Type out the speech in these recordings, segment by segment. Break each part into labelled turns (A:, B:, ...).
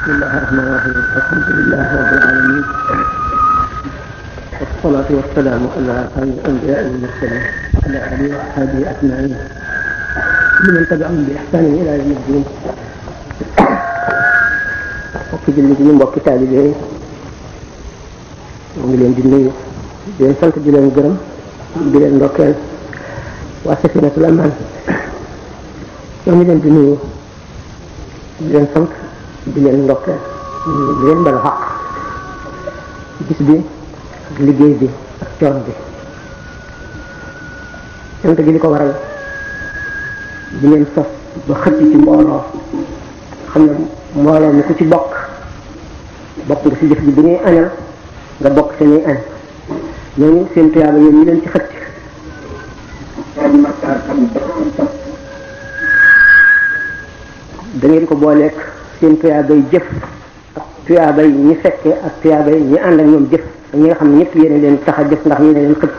A: bismillahi rahmani rahim alhamdulilahi rabbil alamin wasalaatu wasalaamu ala xayri anbiyaai wal mursalin wa ala alihi wa ashabihi ajmain liman tabiahum bi ihsanin ila yawmi ddin mbokki jullit yi mbokki taalibe yi mu ngi leen di nuyu di leen sant di leen gërëm di leen ndokkeel waa Safinatul Amaan ñoo ngi leen di nuyu di leen sant di leen ndokkeel di leen balu gis bi ak liggéey bi ak coon bi cant gi li ko waral di leen sos ba xëcc ci mbooloo xam ne mbooloo mi ku ci bokk bokk nga ci jëf ji bu ñuy añal nga bokk sa ñuy añ ñooñu seen tuyaaba yéen leen ci xëcc da ngeen ko booleek seen tuyaabay jëf ak tuyaabay ñi fekkee ak tuyaabay ñi ànd ak ñoom jëf ñi nga xam ne ñëpp yéen leen tax a jëf ndax yéen leen xëcc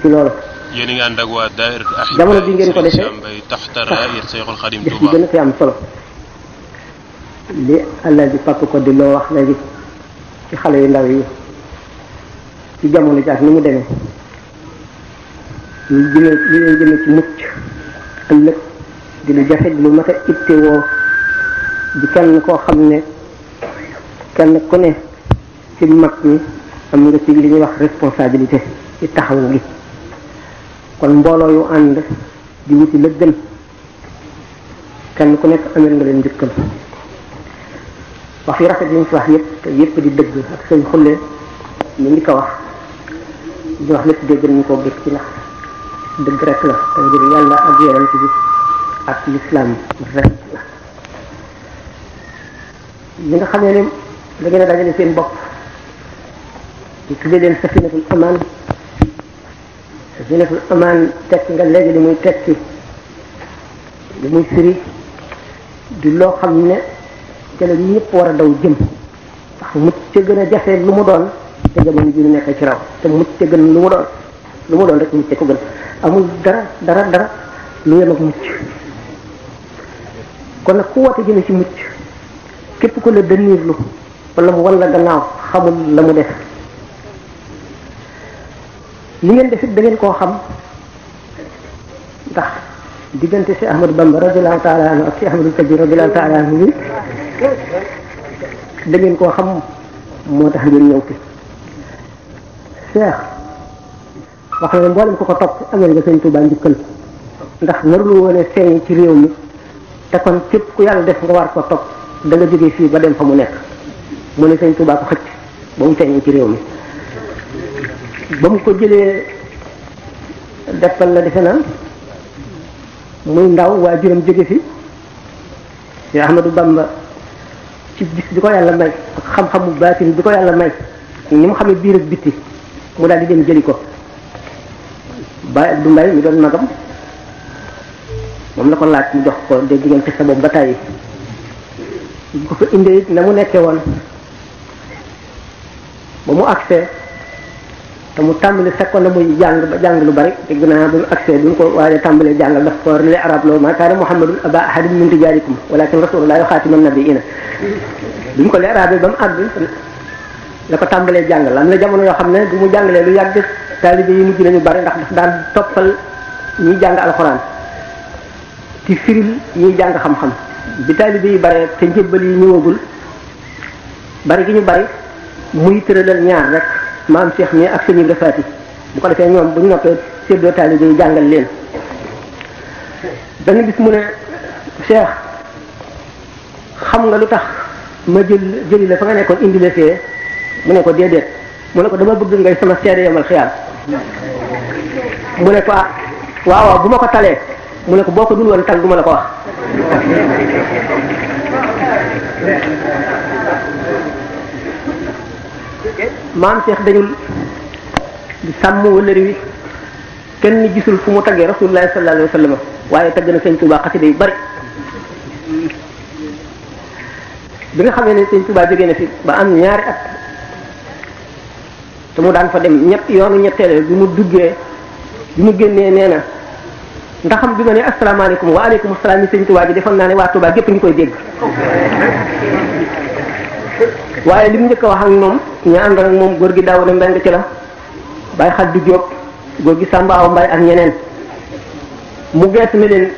A: ci loolu.
B: yéen a ngi ànd ak waa daayira jamono bi ngeen ko defee tax jëf bi am
A: solo li àllal ji pàkk ko di loo wax léegi ci xale yu ndaw yi ci jamono ji ni mu deme li jëmee li ci mucc ëllëg di lu jafe di lu mat a ittewoo di kenn koo xam ne kenn ku ne ci mag ñi am nga ci li ñuy wax responsabilité ci taxawu gi kon mbooloo yu ànd di wuti la kenn ku nekk amel nga leen njëkkal wax yu rafet yi ñu yëpp wax di dëgg ak seen xullee ñu ngi ko wax di wax lépp dégg nañu koo gis ci ndax dëgg rek la te ngir yàlla ak yonent bi ak lislaam rek li nga xamee ne da ngeen a dajale seen bopp ñu tuddee leen safinatul amaan safinatul amaan tekk nga léegi li muy tekki li muy firi di loo xam ne jële ñëpp war a daw jëm ndax mucc gën a jafe lu mu doon te jamono nekk ci raw te mucc ca gën lu mu doon lu mu doon rek mucc ko gën amul dara dara dara lu yem ak mucc kon nag ku woote jëme ci mucc képp ku la dënniirlu wala mu la gannaaw xamul la mu def li ngeen def da ngeen koo xam ndax diggante si Ahmadu Bamba radiyallahu taala anhu ak si Ahmadu Kabir radiyallahu taala anhu bi da koo xam moo tax ngeen ñëw fi Cheikh wax na ne mboolem ko ko topp amel nga sëñ Tuubaa njukkal ndax lu woone feeñ ci réew mi te kon képp ku yàlla def nga war ko topp da nga jógee fii ba dem fa mu nekk mu ne sëñ Tuubaa ko xëcc ba mu feeñee ci réew mi ba mu ko jëlee defal la defe naa muy ndaw waa juróom jóge fi Cheikh Ahmadou Bamba ci gis bi ko yàlla may ak xam-xamu baatin bi ko yàlla may ni mu xamee biir ak bitti mu daal di dem jëli ko ba du Mbaye mi doon magam moom la ko laaj mu jox ko dégg ngeen xista boobu ba tàyyi bu ko fa indee na mu nekkee woon ba mu agsee te mu tàmbali fekkoon na muy jàng ba jàng lu bari dégg naa ba mu agsee bi mu ko waaye tàmbalee jàngal daf ko ne arab loo ma kaana muhammadun aba ahadin min rijaalikum walakin rasulullahi xaatima nabiina bi mu ko lee arab ba mu àgg la ko tàmbalee jàngal am na jamono yoo xam ne bu mu jàngalee lu yàgg taalibe yi mujj nañu bari ndax daf daan toppal ñuy jàng alxuraan ci firil ñuy jàng xam-xam bi taalibe yi bare te njëbbal yi ñëwagul bari gi ñu bari muy tëralal ñaar rek maam seex mi ak sëñ Ibra Faati bu ko defee ñoom bu ñu noppee séddoo taalibe yi jàngal leen dañu gis mu ne Cheikh xam nga lu tax ma jël jëli la fa nga nekkoon indi fee mu ne ko déedéet mu ne ko dama bëgg ngay sama seede yamal xiyaam mu ne ko ah, waaw waaw bu ma ko talee mu ne ko boo ko dul woon tal du ma la ko wax maam Cheikh dañul di sàmm wëllëri wi kenn gisul fu mu taggee rasulullah sallallahu alayhi wa sallam waaye tagg na sëñ Tuubaa xasida yu bari bi nga xamee ne sëñ Tuubaa jógee na fi ba am ñaari at te mu daan fa dem ñett yoonu ñetteel bi mu duggee bi mu génnee neena ndaxam bi nga ne asalaamaaleykum wa aleykum salaam yi sëñ Tuubaa ji defoon naa ne waa Tuubaa gépp ñu koy dégg waaye li mu njëkk a wax ak moom ñu ànd ak moom góor gi daaw da mbeng ci la bàyyi xaj du jóg góor gi sàmbaaw mbay ak ñeneen mu gees ne leen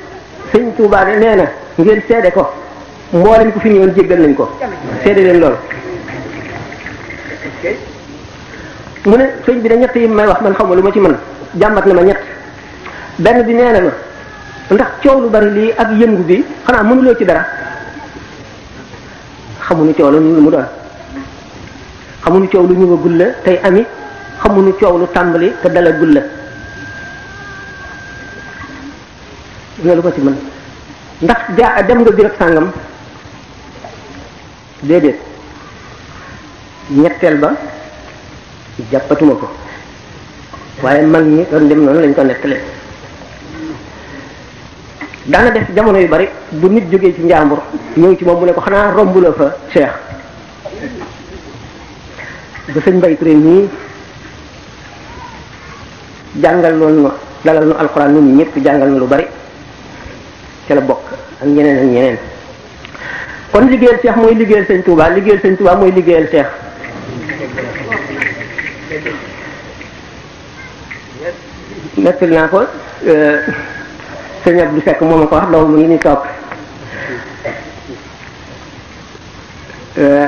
A: sëñ Tuubaa de nee na ngeen seede ko mboolem ku fi ñëwoon jéggal nañ ko seede leen lool mu ne sëñ bi da ñett yi may wax man xaw ma lu ma ci mën jàmbat na ma ñett benn bi nee na ndax coow lu bari lii ak yëngu bi xanaa mënuloo ci dara xamuñu coow lu ñu mu lu ñëwagul la tey ami xamuñu coow lu tàmbali te dalagul la loolu ko ci mën ndax ja dem nga birab sàngam déedéet ñetteel ba jàppatuma ko waaye mag ñi doon dem noonu lañ ko nettalee daana def jamono yu bari bu nit jógee ci njàmbur ñëw ci moom mu ne ko xanaa romb la fa Cheikh ba Mbay Touré ñii jàngal loonu dalal nu alxuraan nun ñëpp jàngal nu lu bari ca la bokk ak ñeneen ak ñeneen kon liggéeyal Cheikh mooy liggéeyal sëñ Touba liggéeyal sëñ Touba mooy liggéeyal Cheikh nettali ko euh, sëñ bu Seck moom ko wax doom mu ngi ni toog euh,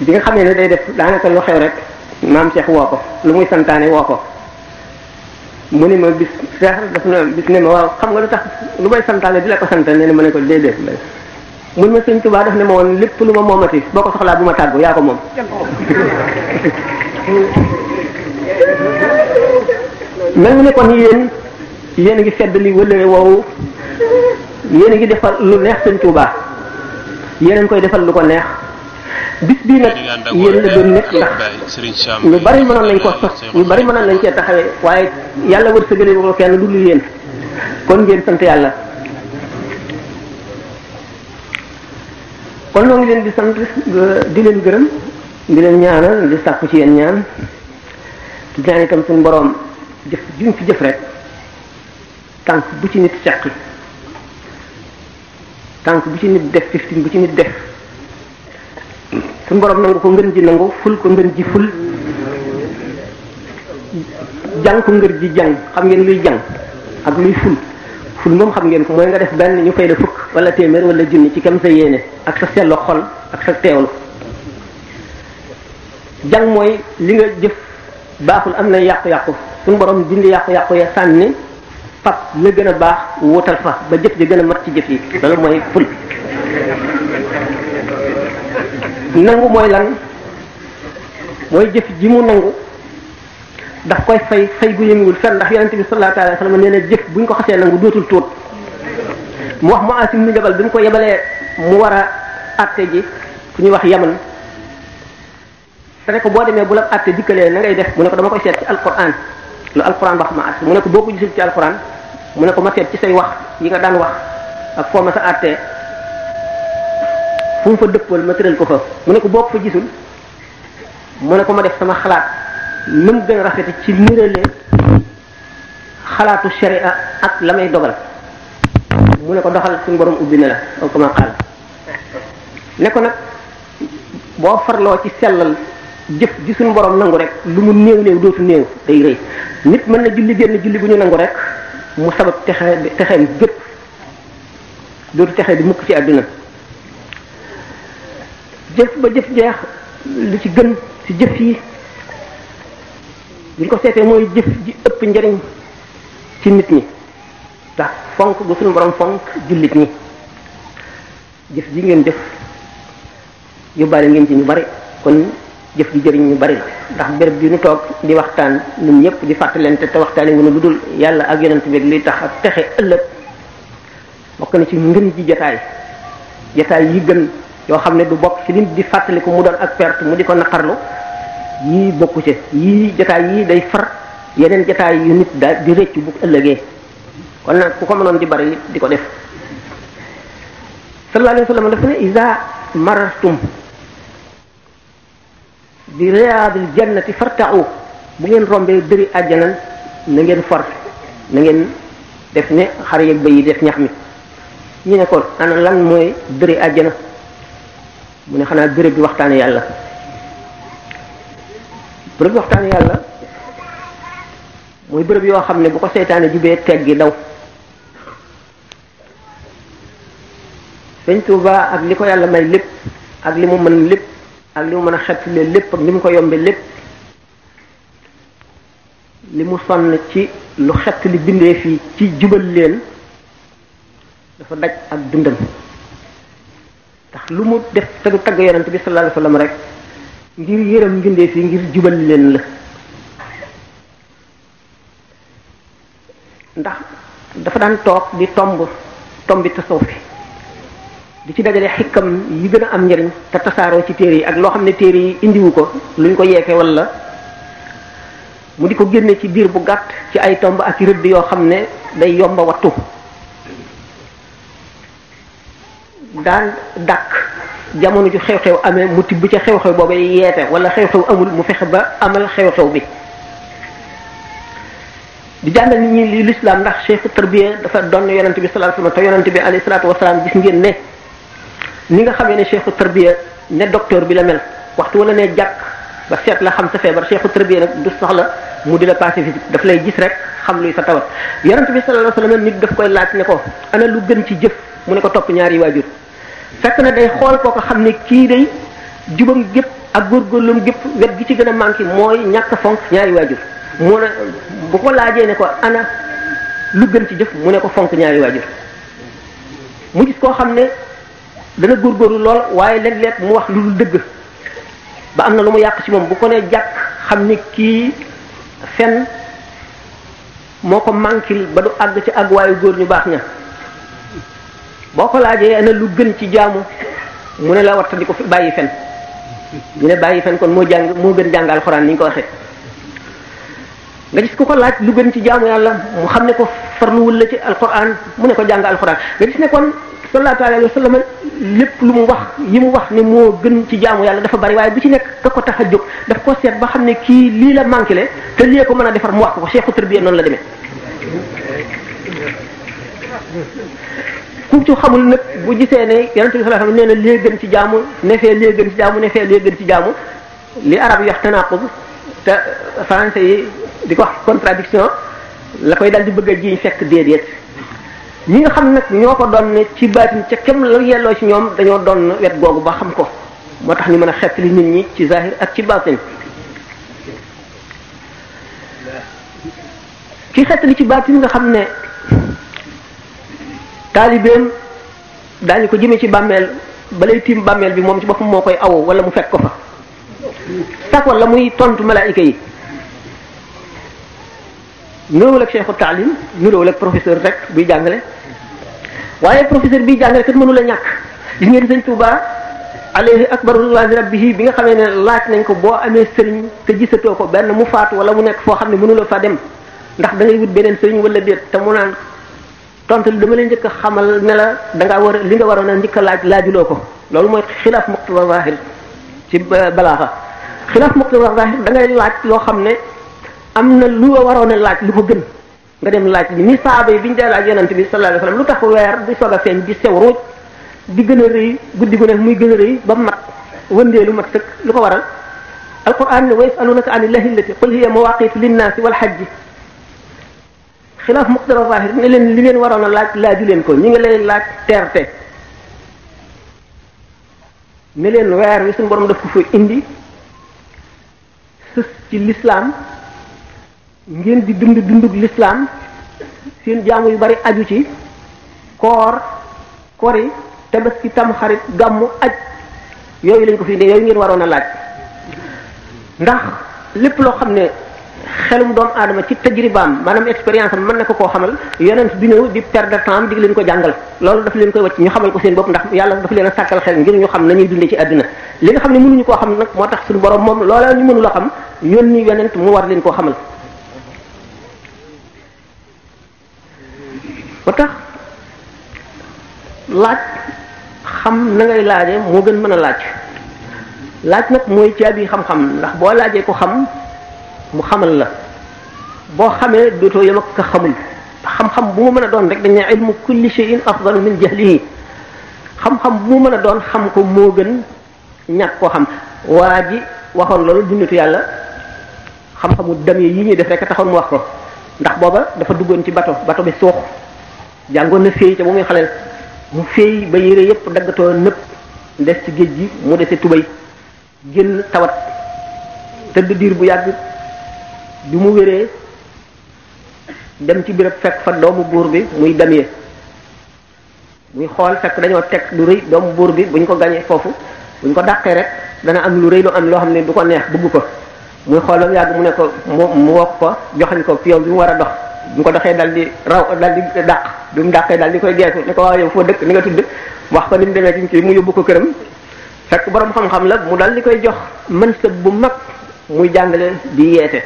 A: bi nga xam ne ne day def daanaka lu xew rek maam Cheikh woo ko lu muy santaane woo ko mu ni ma bis Cheikh daf na bis ne ma waaw xam nga lu tax lu may santaane di la ko sant ne ne ma ne ko déedéet mun ma sëñ Tuubaa daf ne ma woon lépp lu ma moomati boo ko soxlaa bu ma tàggu yaa ko moom
C: mel ni kon yéen
A: yéen a ngi fedd li wëllëre woowu yéen a ngi defal lu neex sëñ Tuubaa yéen ngi koy defal lu ko neex bis bii nag
B: yéen la doon nekk ndax lu bari mënoon
A: lañ ko sos lu bari mënoon nañ cee taxawee waaye yàlla wërsëgale ko kenn du lu yéen kon ngeen sant yàlla kon noo leen di sant di leen gërëm di leen ñaanal di sàkku ci yéen ñaan di ñaan itam suñu boroom jëf juñ fi jëf rek tànk bu ci nit seq tànk bu ci nit def fiftin bu ci nit def suñu borom nangu ko ngën ji nangu ful ko ngën ji ful jàng ko ngër ji jàng xam ngeen luy jàng ak luy ful ful moom xam ngeen ko mooy nga def benn ñu fay la fukk wala téeméer wala junni ci kam sa yéene ak sa seetlu xol ak sa teewlu jàng mooy li nga jëf baaxul am na yàqu-yàqu suñu borom dindi yàqu-yàqu ya sànni fab la gën a baax wutal fa ba jëf ji gën a mat ci jëf yi loolu mooy ful nangu mooy lan mooy jëf ji mu nangu daf koy fay fay gu yënguwul fenn ndax yonente bi sallallahu alayhi wa sallam nee na jëf bu ñu ko xasee nangu dootul tuut mu wax mu asim nu jabal bi mu ko yebalee mu war a atte ji fu ñuy wax yaman te ne ko boo demee bu la atte dikkalee na ngay def mu ne ko dama koy seet ci alquran lu alquran wax ma at mu ne ko boo ko gisul ci alquran mu ne ko ma seet ci say wax yi nga daan wax ak foo ma sa àttee fu mu fa dëppal ma tëral ko fa mu ne ko boo ko fa gisul mu ne ko ma def sama xalaat lu mu gën a rafete ci niralee xalaatu sharia ak la may dogal mu ne ko doxal suñu borom ubbi na la aw kama qaal ne ko nag boo farloo ci sellal jëf ji suñu borom nangu rek lu mu néew néew dootu néew day rëy nit mën na julli génn julli bu ñu nangu rek mu sabab texe texeem gépp dootu texe bi mukk ci àdduna jëf ba jëf jeex li ci gën ci jëf yi buñ ko seetee mooy jëf ji ëpp njariñ ci nit ñi ndax fonk bu suñu borom fonk jullit ñi jëf ji ngeen jëf yóbbaale ngeen ci ñu bari kon jëf ji jëriñ ñu bari ndax béréb bi nu toog di waxtaan ñun ñëpp di fàttalante te waxtaane wu lu dul yàlla ak yonent bi li tax ak texe ëllëg bokk na ci ngën ji jataay jataay yi gën yoo xam ne du bokk ci lim di fàttaliku mu doon ak perte mu di ko naqarlu yii bokku ci yii jataay yii day far yeneen jataay yu nit daal di rëccu bu ëllëgee kon nag ku ko mënoon di bari di ko def sallallahu alayhi wa sallam dafa ne iza bi riyaadil jannati fartau bu ngeen rombee dëri àjjana na ngeen for na ngeen def ne xar yeeg ba yi def ñax mi ñu ne kon lan mooy dëri àjjana mu ne xanaa béréb bi waxtaane yàlla béréb bi waxtaane yàlla mooy bërëb yoo xam ne bu ko seytaane jubee teg gi daw sëñ Tuuba ak li ko yàlla may lépp ak li mu mën lépp ak li mu mën a leen lépp ak ni mu ko yombee lépp li mu sonn ci lu xett li bindee fii ci jubal leen dafa daj ak dundam ndax lu mu def te du tagg yonent bi sallallahu alayhi wasallam rek ngir yërëm bindee fii ngir jubal leen la ndax dafa daan toog di tomb tombi tasawuf di ci dajale xikkam yi gën a am njëriñ te tasaaroo ci téere yi ak loo xam ne téere yi indiwu ko lu ñu ko yeefe wala mu di ko génne ci biir bu gàtt ci ay tomb ak rëdd yoo xam ne day yomba wattu daan dàq jamono ju xew-xew amee mu tibb ca xew-xew boobu yeete wala xew-xew amul mu fexe ba amal xew-xew bi di jàngal nit ñi li lislaam ndax cheikh tarbiya dafa doon yonent bi sallallahu alayhi wasallam te yonent bi alayhi salatu wasallam gis ngeen ne ni nga xamee ne cheikhu tarbiya ne docteur bi la mel waxtu wala ne jàkk ba seet la xam sa feebar cheikhu tarbiya nag du la mu di la passé physique daf lay gis rek xam luy sa tawat yonent bi sallallahu la wasallam nit daf koy laaj ne ko ana lu gën ci jëf mu ne ko topp ñaari waajur fekk na day xool koo ko xam ne kii day gépp ak góorgóorlum gépp wet gi ci gën a manqué mooy ñàkk fonk ñaari waajur mu ne bu laajee ne ko ana lu gën ci jëf mu ne ko fonk ñaari waajur mu gis koo xam ne dana góorgóorlu lool waaye léeg lekk mu wax lu dul dëgg ba am na lu mu yàq ci moom bu ko nee jàkk xam ne kii fen moo ko mànkil ba du àgg ci àgg waayu góor ñu baax ña boo ko laajee ana lu gën ci jaamu mu ne la watta di ko bàyyi fen ñu ne bàyyi fen kon moo jàng moo gën jàng alxuraan ni ñu ko waxee nga gis ku ko laaj lu gën ci jaamu yàlla mu xam ne ko farluwul la ci alxuraan mu ne ko jàng alxuraan nga gis ne kon sallallahu alayhi wa lépp lu mu wax yi mu wax ne moo gën ci jaamu yàlla dafa bari waaye bu ci nekk ka ko tax a jóg daf ko seet ba xam ne kii lii la manqué le te lii ko mën a defar mu wax ko cheikhu tarbiya noonu la demee ku ci xamul nag bu gisee ne yonente bi sallallahu alayhi wa sallam lee gën ci jaamu ne fee lee gën ci jaamu ne lee gën ci jaamu li arab yi wax tanaqub te yi di ko wax contradiction la koy dal di bëgg a jiñ fekk déedéet ñi nga xam nag ñoo ko doon ne ci baatin ca kem la yelloo ci ñoom dañoo doon wet googu ba xam ko moo tax ñu mën a xettali nit ñi ci zahir ak ci baatin ci xettali ci baatin nga xam ne taalibeem daañu ko jëmee ci bàmmeel balay tiim bàmmeel bi moom ci boppam moo koy awo wala mu fekk ko fa tak la muy tontu malaayika yi nuróowul ak cheikhu taalim nuróowul ak professeur rek buy jàngale waaye professeur biy jàngale kat mënu la ñàkk gis ngeen sëñ Touba alayhi akbar wazi rabbihi bi nga xamee ne laaj nañ ko boo amee sëriñ te gisatoo ko benn mu faatu wala mu nekk foo xam ne mënu la fa dem ndax da ngay wut beneen sëriñ wala déet te mu naan tontu dama leen njëkk a xamal ne la da ngaa war li nga waroon a njëkk a laaj laajuloo ko loolu mooy xilaaf muqtada zahir ci balaaxa xilaaf muqtada xa da loo xam ne am na lu waroon laaj lu ko gën nga dem laaj bi ni saaba bi ñu dee laaj yonent bi sallallahu alayhi lu tax weer di soog a feeñ di sew ruuj di gën a rëy guddi gu ne muy gën a rëy ba mat wëndee lu mat sëkk lu ko waral alquran ne wa yasalunaka an illahi illati qul hiya mawaqitu linnaasi wal hajji xilaaf muqtara zahir ne leen li ngeen waroon a laaj laaju leen ko ñi nga leen laaj teerte ne leen weer wi suñu borom daf ko fa indi sës ci l'islam ngeen di dund dundug lislaam seen jaamu yu bari aju ci koor kori tabaski tamxarit gàmmu aj yooyu lañ ko fi ne yooyu ngeen waroon a laaj ndax lépp loo xam ne xelum doomu aadama ci tajribaam maanaam expérience am mën na ko koo xamal yonent bi ñëw di perdre temps di leen ko jàngal loolu daf leen koy wàcc ñu xamal ko seen bopp ndax yàlla dafa leen a sàkkal xel ngir ñu xam nañuy dundee ci àdduna li nga xam ne mënuñu koo xam nag moo tax suñu borom moom loola ñu mënula xam yónni yonent koo xamal ba tax laaj xam na laaje moo gën mën a laaj laaj nag mooy caabi xam-xam ndax boo laajee ko xam mu xamal la boo xamee dootoo yem ak xamul xam-xam bu mu mën a doon rek dañ ne ilmu kulli shay'in afdalu min jahlihi xam-xam bu mu mën a doon xam ko moo gën ñàkk koo xam waa ji waxoon loolu dunditu yàlla xam-xamu dam yi ñuy def rek taxoon mu wax ko ndax booba dafa duggoon ci bato bato bi suux jàngoon na féey ca ba muy xaleel mu féey ba yére yépp daggatoo nëpp des ci géej gi mu dese tubay génn tawat tëdd diir bu yàgg bi mu wéree dem ci birab fekk fa doomu buur bi muy damye muy xool fekk dañoo teg lu rëy doomu buur bi buñ ko gañee foofu buñ ko dàqee rek dana am lu rëy lu am loo xam ne du ko neex bëgg ko muy xool ba mu yàgg mu ne ko mu mu wax ko joxañ ko pion bi mu war a dox bu ko doxee dal di raw dal di dàq bi mu dàqee dal di koy geesu ni ko waaw yow foo dëkk ni nga tudd wax ko ni mu demee ci kii mu yóbbu ko këram fekk borom xam-xam la mu dal di koy jox mënsëb bu mag muy jàngale di yeete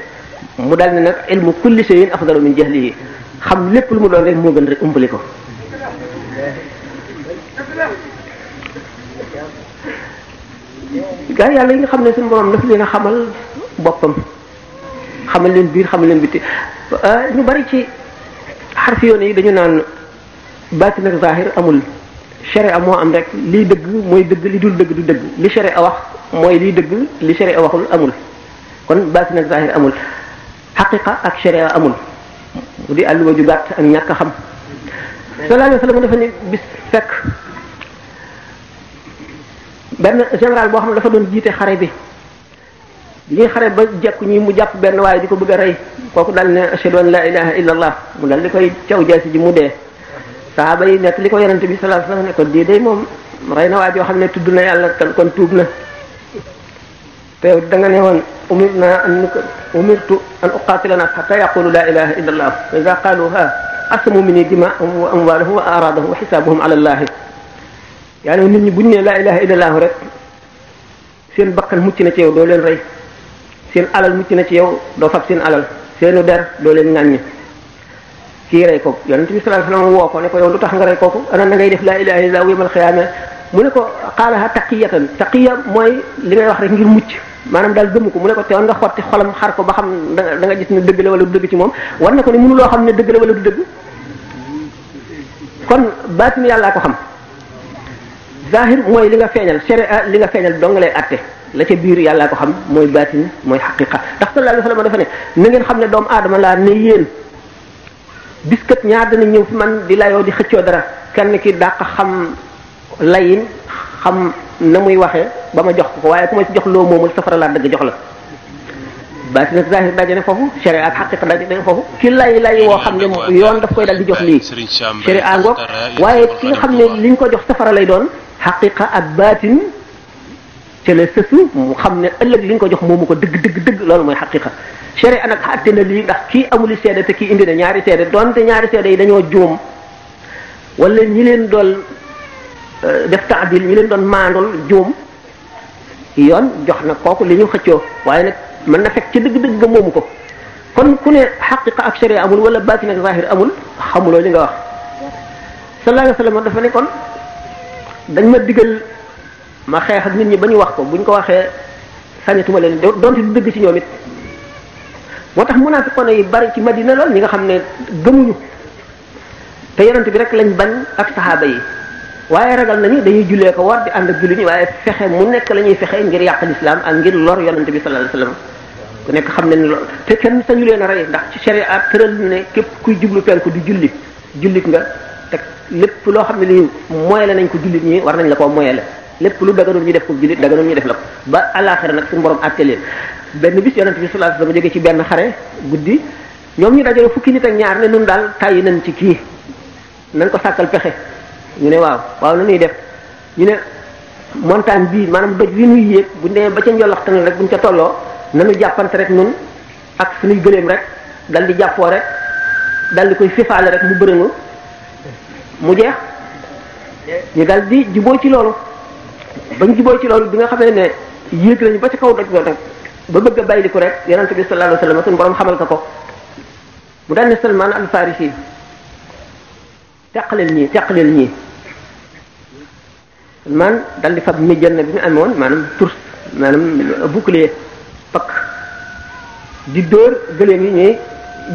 A: mu dal ne nag ilmu kulli shay'in afdalu min jahlihi xam lépp lu mu doon rek moo gën rek umpali ko gaa yàlla yi nga xam ne suñu borom daf leen a xamal boppam xamal leen biir xamal leen biti ah, ñu bari ci xarfi yoon yi dañu naan baatin ak zahir amul sharia moo am rek lii dëgg mooy dëgg li dul dëgg du dëgg li sharia wax mooy lii dëgg li sharia waxul amul kon baatin ak zahir amul xaqiqa ak sharia amul bu di àlluwa ju gàtt ak ñàkk a xam sallallahu alayhi wa sallam dafa bis fekk benn général boo xam ne dafa doon jiite xare bi bi ñuy xare ba jekku ñi mu jàpp benn waaye di ko bëgg a rey kooku dal ne ashhadu an la ilaha illa allah mu dal di koy caw jaasi ji mu dee sahaaba yi nekk li ko yonente bi sallallahu alayhi wasallam ne ko dii day moom rey na waay yoo xam ne tudd na yàlla kan kon tuub na te da nga ne woon umir na an umirtu an uqaatila nas xata yaqulu la ilaha illa allah wa ida qaaluha asmu mini dimahum wa amwalahum wa aradahum wa xisaabuhum ala allahi yaa ne nit ñi buñ ne la ilaha illa allah rek seen bakkan mucc na ci yow doo leen rey seen alal mucc na ci yow doo fab seen alal seenu der doo leen ŋàññi kii rey ko yonente bi sallallahu alayhi wasallam woo ko ne ko yow lu tax nga rey kooku ana na ngay def laa ilaha illa allah yawmal xiyaama mu ne ko xaalaha taqiyatan taqiya mooy li ngay wax rek ngir mucc maanaam daal gëmu ko mu ne ko teewoon nga xotti xolam xar ko ba xam da nga gis ne dëgg la wala du dëgg ci moom war na ko ne mënu loo xam ne dëgg la wala du dëgg kon baatinu yàllaa ko xam zahir mooy li nga feeñal sharia li nga feeñal dong lay atte la ca biir yàllaa ko xam mooy baatin mooy xaqiqa ndax sallallahu alayhi wasallam dafa ne na ngeen xam ne doomu aadama laa ne yéen biskat ñaar dana ñëw fi man di layoo di xëccoo dara kenn ki dàq xam layin xam na muy waxee ba ma jox ko waaye ku ma ci jox loo moomul safara laa dagg jox la baatin ak zahir dajane foofu sharia ak xaqiqa dajane foofu ki lay lay woo xam ne yoon daf koy dal di jox lii sharia ngoog waaye ki nga xam ne liñ ko jox safara lay doon xaqiqa ak baatin ci la sësu xam ne ëllëg li ko jox moomu ko dëgg dëgg dëgg loolu mooy xaqiqa sharia nag àtte na lii ndax kii amuli seede te ki indi na ñaari seede donte ñaari seede yi dañoo juum wala ñi leen doon euh, def taadil ñi leen doon maandul juum yoon jox na kooku li ñu xëccoo waaye nag mën na fekk ci dëgg-dëgg ga moomu ko kon ku ne xaqiqa ak sharia amul wala baatin ak zahir amul xamuloo li nga wax sallallahu alayhi wa sallam dafa ne kon dañ ma digal ma xeexal nit ñi ba ñu wax ko bu ñu ko waxee sañatuma leen doonte du dëgg ci ñoom it moo tax munaafiqoon yi bari ci madina lool ñi nga xam ne gëmuñu te yonent bi rek lañ bañ ak saxaaba yi waaye ragal nañu dañuy jullee ko war di ànd ak julli ñi waaye fexe mu nekk la ñuy fexe ngir yàq lislaam ak ngir lor yonent bi sallallahu alayhi wasallam ku nekk xam ne ni lool te kenn sañu leen a rey ndax ci sharia tëral ne képp kuy jublu penku du julli jullit nga te lépp loo xam ne lii moyale nañ ko jullit ñi war nañ la koo moyale lépp lu daganul ñu def ko jullit daganul ñu def la ko ba àllaaxira nag suñu borom àtte leen benn bis yonent bi sallallahu alayhi wasallam jógee ci benn xare guddi ñoom ñu dajale fukki nit ak ñaar ne nun daal tàyyi nañ ci kii nañ ko sàkkal pexe ñu ne waaw waaw lu ñuy def ñu ne montagne bii maanaam doj li ñuy yéeg buñ demee ba ca njoloxtan rek buñ ca tolloo nanu jàppante rek nun ak suñuy gëléem rek dal di jàppoo rek dal di koy fifaale rek mu bërëngu mu jeex ñu dal di juboo ci loolu bañ juboo ci loolu bi nga xamee ne yéeg lañu ba ci kaw doj ba nag ba bëgg a bàyyi ko rek yonente bi sallallahu alayhi wasallam suñu borom xamal ko ko mu daan ne Salman al Farisi teqaleel ñii teqaleel ñii Salman dal di fab mijjan na bi mu amoon maanaam tours maanaam bouclier pakk di dóor gëléem yi ñuy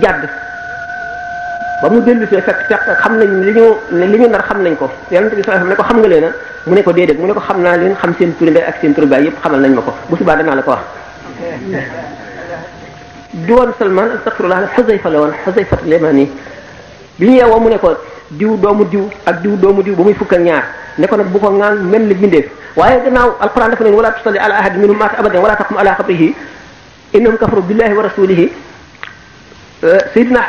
A: jàdd ba mu dellu see fekk teq xam nañ li ñu li ñu nar xam nañ ko yonente bi sallallahu ko xam nga leen a mu ne ko déedéet mu ne ko xam naa leen xam seen turi ndey ak seen xamal nañ ma ko bu subaa danaa la ko wax du woon Salman astaghfirullah la Xusayfa la woon Xusayfa Lemani bi ñu yeewoo mu ne ko diw doomu diw ak diw doomu diw ba muy fukk ñaar ne ko nag bu ko ŋaan mel ni bindeef waaye gannaaw alquran dafa neen wala tusalli ala ahad minhum maata abadan wala taqum ala qabrihi innahum kafaru billahi wa rasulihi sayidina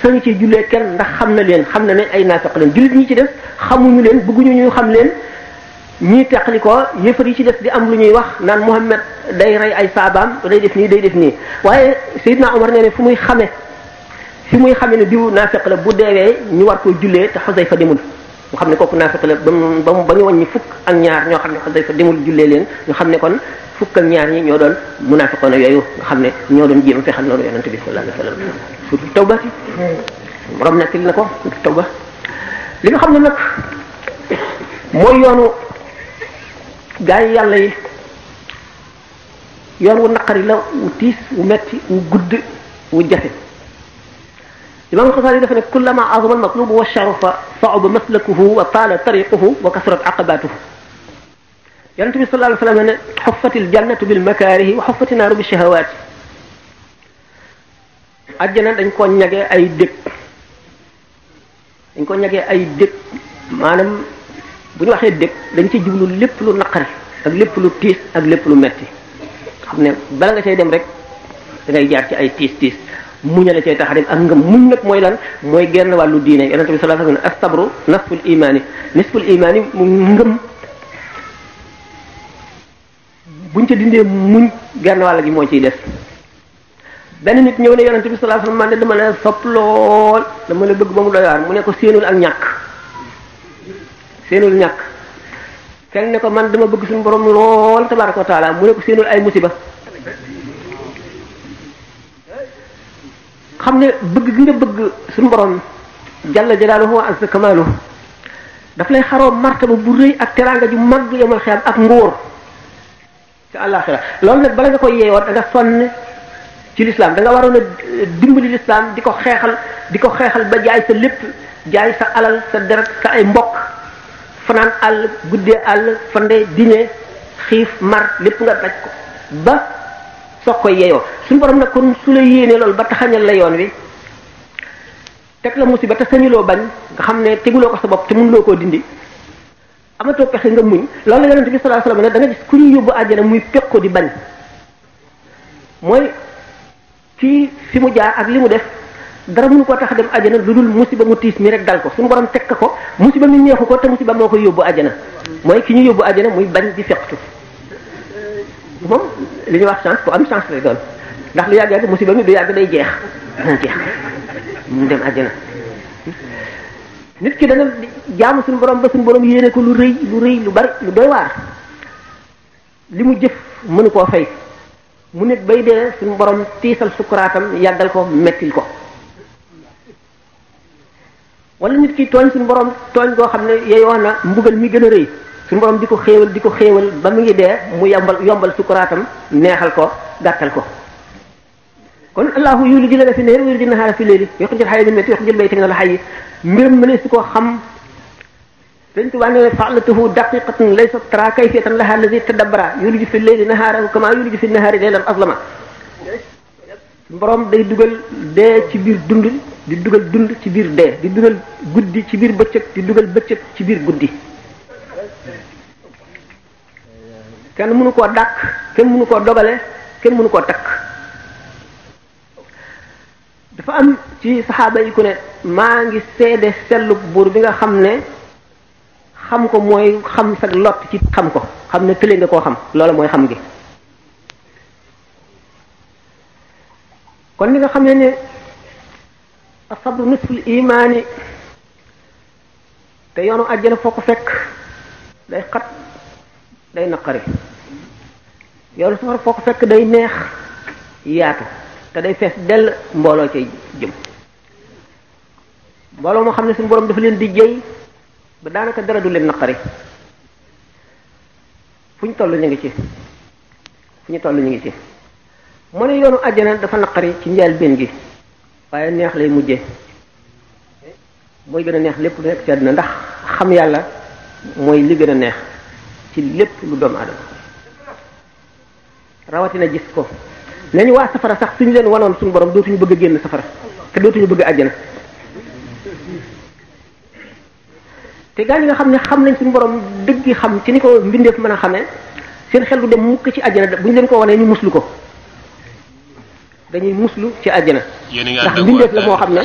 A: sañu ci jullee kenn ndax xam na leen xam na ne ay naafeq leen jullit ñi ci def xamuñu leen bëgguñu ñu xam leen ñii teqli ko yëfar yi ci def di am lu ñuy wax naan Muhammad day rey ay saabaam day def nii day def nii waaye Seydina Omar nee ne fu muy xamee fi muy xamee ne diw naafeq la bu deewee ñu war koo jullee te Xusayfa demul mu xam ne kooku naafeq la ba ba ñu wàññi fukk ak ñaar ñoo xam ne Xusayfa demul jullee leen ñu xam ne kon fukk ak ñaar ñi ñoo doon munaafiqoona yooyu nga xam ne ñoo doon jéem fexal loolu yonente bi sallallahu alayhi wa su dul tawba ti borom nettali na ko su dul tawba li nga xam ne nag mooy yoonu gaa yi yàlla yi yoon wu naqari la wu tiis wu metti wu gudd wu jafe imam Xasaali dafa ne kullama azama almatlubu wa sharufa sa'uba maslakuhu wa taala tariquhu wa kasrat aqabatuhu yonente bi sallallahu alayhi wa sallam ne xuffati aljannatu bilmakaarihi wa xuffati naaru bishahawati ajjana dañ ko ñagee ay dëkk dañ ko ñagee ay dëkk maanam bu ñu waxee dëkk dañ ci jublu lépp lu naqari ak lépp lu tiis ak lépp lu metti xam ne bala nga cay dem rek da jaar ci ay tiis tiis muñale cay tax a dem ak ngëm muñ nag mooy lan mooy genn wàllu diine yonent bi sallallahu alayhi wasallam astabru nasful imaani nisful imaani mu ngëm buñ ca dindee muñ genn wàll gi moo ciy def benn nit ñëw ne yonente bi sallallahu alayhi wasallam man de dama la sopp lool dama la bëgg ba mu doy waar mu ne ko séenul ak ñàkk séenul ñàkk kenn ne ko man dama bëgg suñu borom lool tabaraka wa taala mu ne ko séenul ay musiba xam ne bëgg gi nga bëgg suñu borom jalla jalaaluhu wa azza kamaaluhu daf lay xaroo martaba bu rëy ak teraanga ju mag yomal xiyam ak nguur ci àllaaxira loolu nag bala nga koy yeewoon da nga sonn ci lislaam da nga waroon a dimbali lislaam di ko xeexal di ko xeexal ba jaay sa lépp jaay sa alal sa deret sa ay mbokk fanaan àll guddee àll fande dine xiif mar lépp nga daj ko ba soog koy yeyoo suñu borom nag kon su la yéenee loolu ba taxañal la yoon wi teg la musiba te sañuloo bañ nga xam ne teguloo ko sa bopp te loo koo dindi amatoo pexe nga muñ loolu la yonente bi sallallahu alayhi wasallam ne da nga gis ku ñu yóbbu àjjana muy pek ko di bañ mooy ci fi mu jaar ak li mu def dara mënu koo tax dem ajana lu dul musiba mu tiis mi rek dal ko suñu borom teg ko musiba mi neexu ko te musiba moo ko yóbbu ajana mooy ki ñu yóbbu ajana muy bañ di fextu moom li ñuy wax chance ku am chance lay doon ndax lu yàgg yàgg musiba mi du yàgg day jeex dana jeex mu dem ajana nit ki dana jaamu suñu borom ba suñu borom yéene ko lu rëy lu rëy lu bari lu doy waar li mu jëf mënu koo fay mu nit bay dee suñu borom tiisal sukkuraatam yàggal ko mettil ko wala nit ki tooñ suñu borom tooñ goo xam ne wax na mbugal mi gën a rëy suñu borom di ko xéewal di ko xéewal ba mu ngi dee mu yombal yombal sukkuraatam neexal ko gàttal ko kon allahu yuliju layla fi nahari wa yuliju nahara fi layli yuxrijul hayya min al mayyiti wa yuxrijul mayyita min al hayyi mbiram mënees su ko xam sëñ Tuubaa ne fa'alatuhu daqiqatan laysa tara kayfiyatan laha allazi tadabbara yuliju fi layli nahaara kama yuliju fi nahaari laylan azlama borom day dugal dee ci biir dund di dugal dund ci biir dee di dugal guddi ci biir bëccëg di dugal bëccëg ci biir guddi kenn mënu koo dàq kenn mënu koo dogale kenn mënu koo takk dafa am ci saxaaba yi ku ne maa ngi seede sellub buur bi nga xam ne xam ko mooy xam sag lot ci xam ko xam ne tële nga koo xam loola mooy xam gi kon li nga xam ne ne asabru nisful imaani te yoonu àjjana foo ko fekk day xat day naqari yoonu safara foo ko fekk day neex yaatu te day fees dell mbooloo cay jëm mbooloo moo xam ne suñu borom dafa leen di jëy ba daanaka dara du leen naqari fu ñu toll ñu ngi ci fu ñu toll ñu ngi ci mu ne yoonu àjjana dafa naqari ci njaal njëlbéen gi waaye neex lay mujje mooy gën a neex lépp lu nekk ci àdduna ndax xam yàlla mooy li gën a neex ci lépp lu doomu aadama rawatina gis ko nañu waa safara sax suñu leen wanoon suñu borom dootuñu bëgg a génn safara te dootuñu bëgg a àjjana te gaa ñi nga xam ne xam nañ suñu borom dëgg xam ci ni ko mbindeef mën a xamee seen xel du dem mukk ci àjjana bu ñu leen ko wanee ñu muslu ko dañuy muslu ci àjjana
B: ndax mbindeef la moo xam ne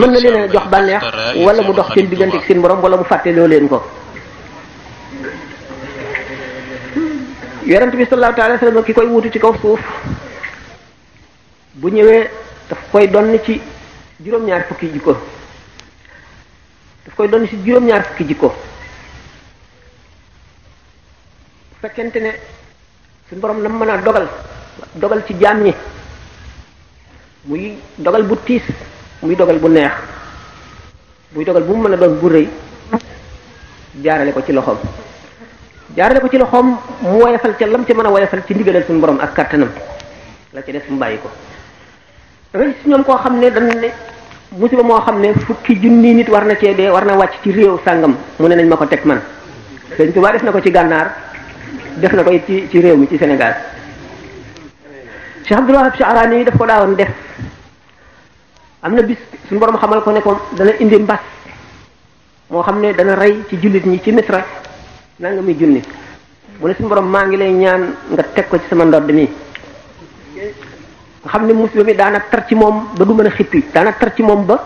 B: mën na leen a
A: jox bànneex wala mu dox seen diggante ak seen borom wala mu fàtte loo ko yonent bi sallallahu alayhi wa ki koy wutu ci kaw suuf bu ñëwee daf koy donn ci juróom-ñaar fukki jikko daf koy doon ci juróom-ñaar fukki jikko bu fekkente ne boroom borom la mën a dogal dogal ci jaam ñi muy dogal bu tiis muy dogal bu neex muy dogal bu mu mën a doon bu rëy jaarale ko ci loxoom jaarale ko ci loxoom mu woyafal ca mu ca mën a woyafal ci ndigalal suñu borom ak kàttanam la ca def mu bàyyi ko dafay gis ñoom koo xam ne dañ ne musiba moo xam ne fukki junni nit war na cee dee war na wàcc ci réew sàngam mu ne nañ ma ko teg man sëñ Tuba def na ko ci gànnaar def na ko it ci réew mi ci Sénégal Cheikh Abdul Wahab Sha'rani yi daf ko daawoon def am na bis suñu borom xamal ko ne ko dana indi mbas moo xam ne dana rey ci jullit ñi ci Misra nanga muy junni mu ne suñu borom maa ngi lay ñaan nga teg ko ci sama ndodd mi nga xam ne musiba mi daana tar ci moom ba du mën a xippi daana tar ci moom ba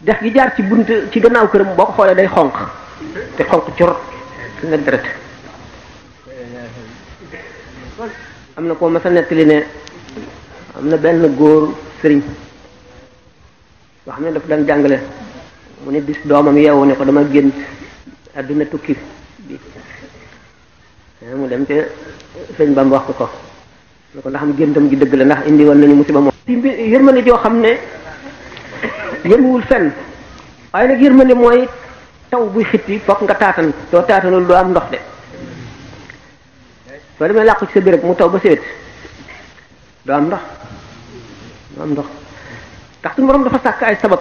A: dex gi jaar ci bunt ci gannaaw këram boo ko xoolee day xonq te xonq cor su deret am na koo ma a nettali ne am na benn góor sëriñ boo xam ne dafa daan jàngale mu ne bis doomam yeewu ne ko dama génn àdduna tukki bi mu dem ca sëñ Bamba wax ko ko ne ko ndax am géndam gi dëgg la ndax indi woon nañu musiba moom di yërmande joo xam ne yëmuwul fenn waaye nag yërmande mooy taw buy xitti fokk nga taatan doo taatanul doo am ndox de soo demee làqu ci sa bi mu taw ba séet doo am ndox doo am ndox ndax suñu borom dafa sàkk ay sabab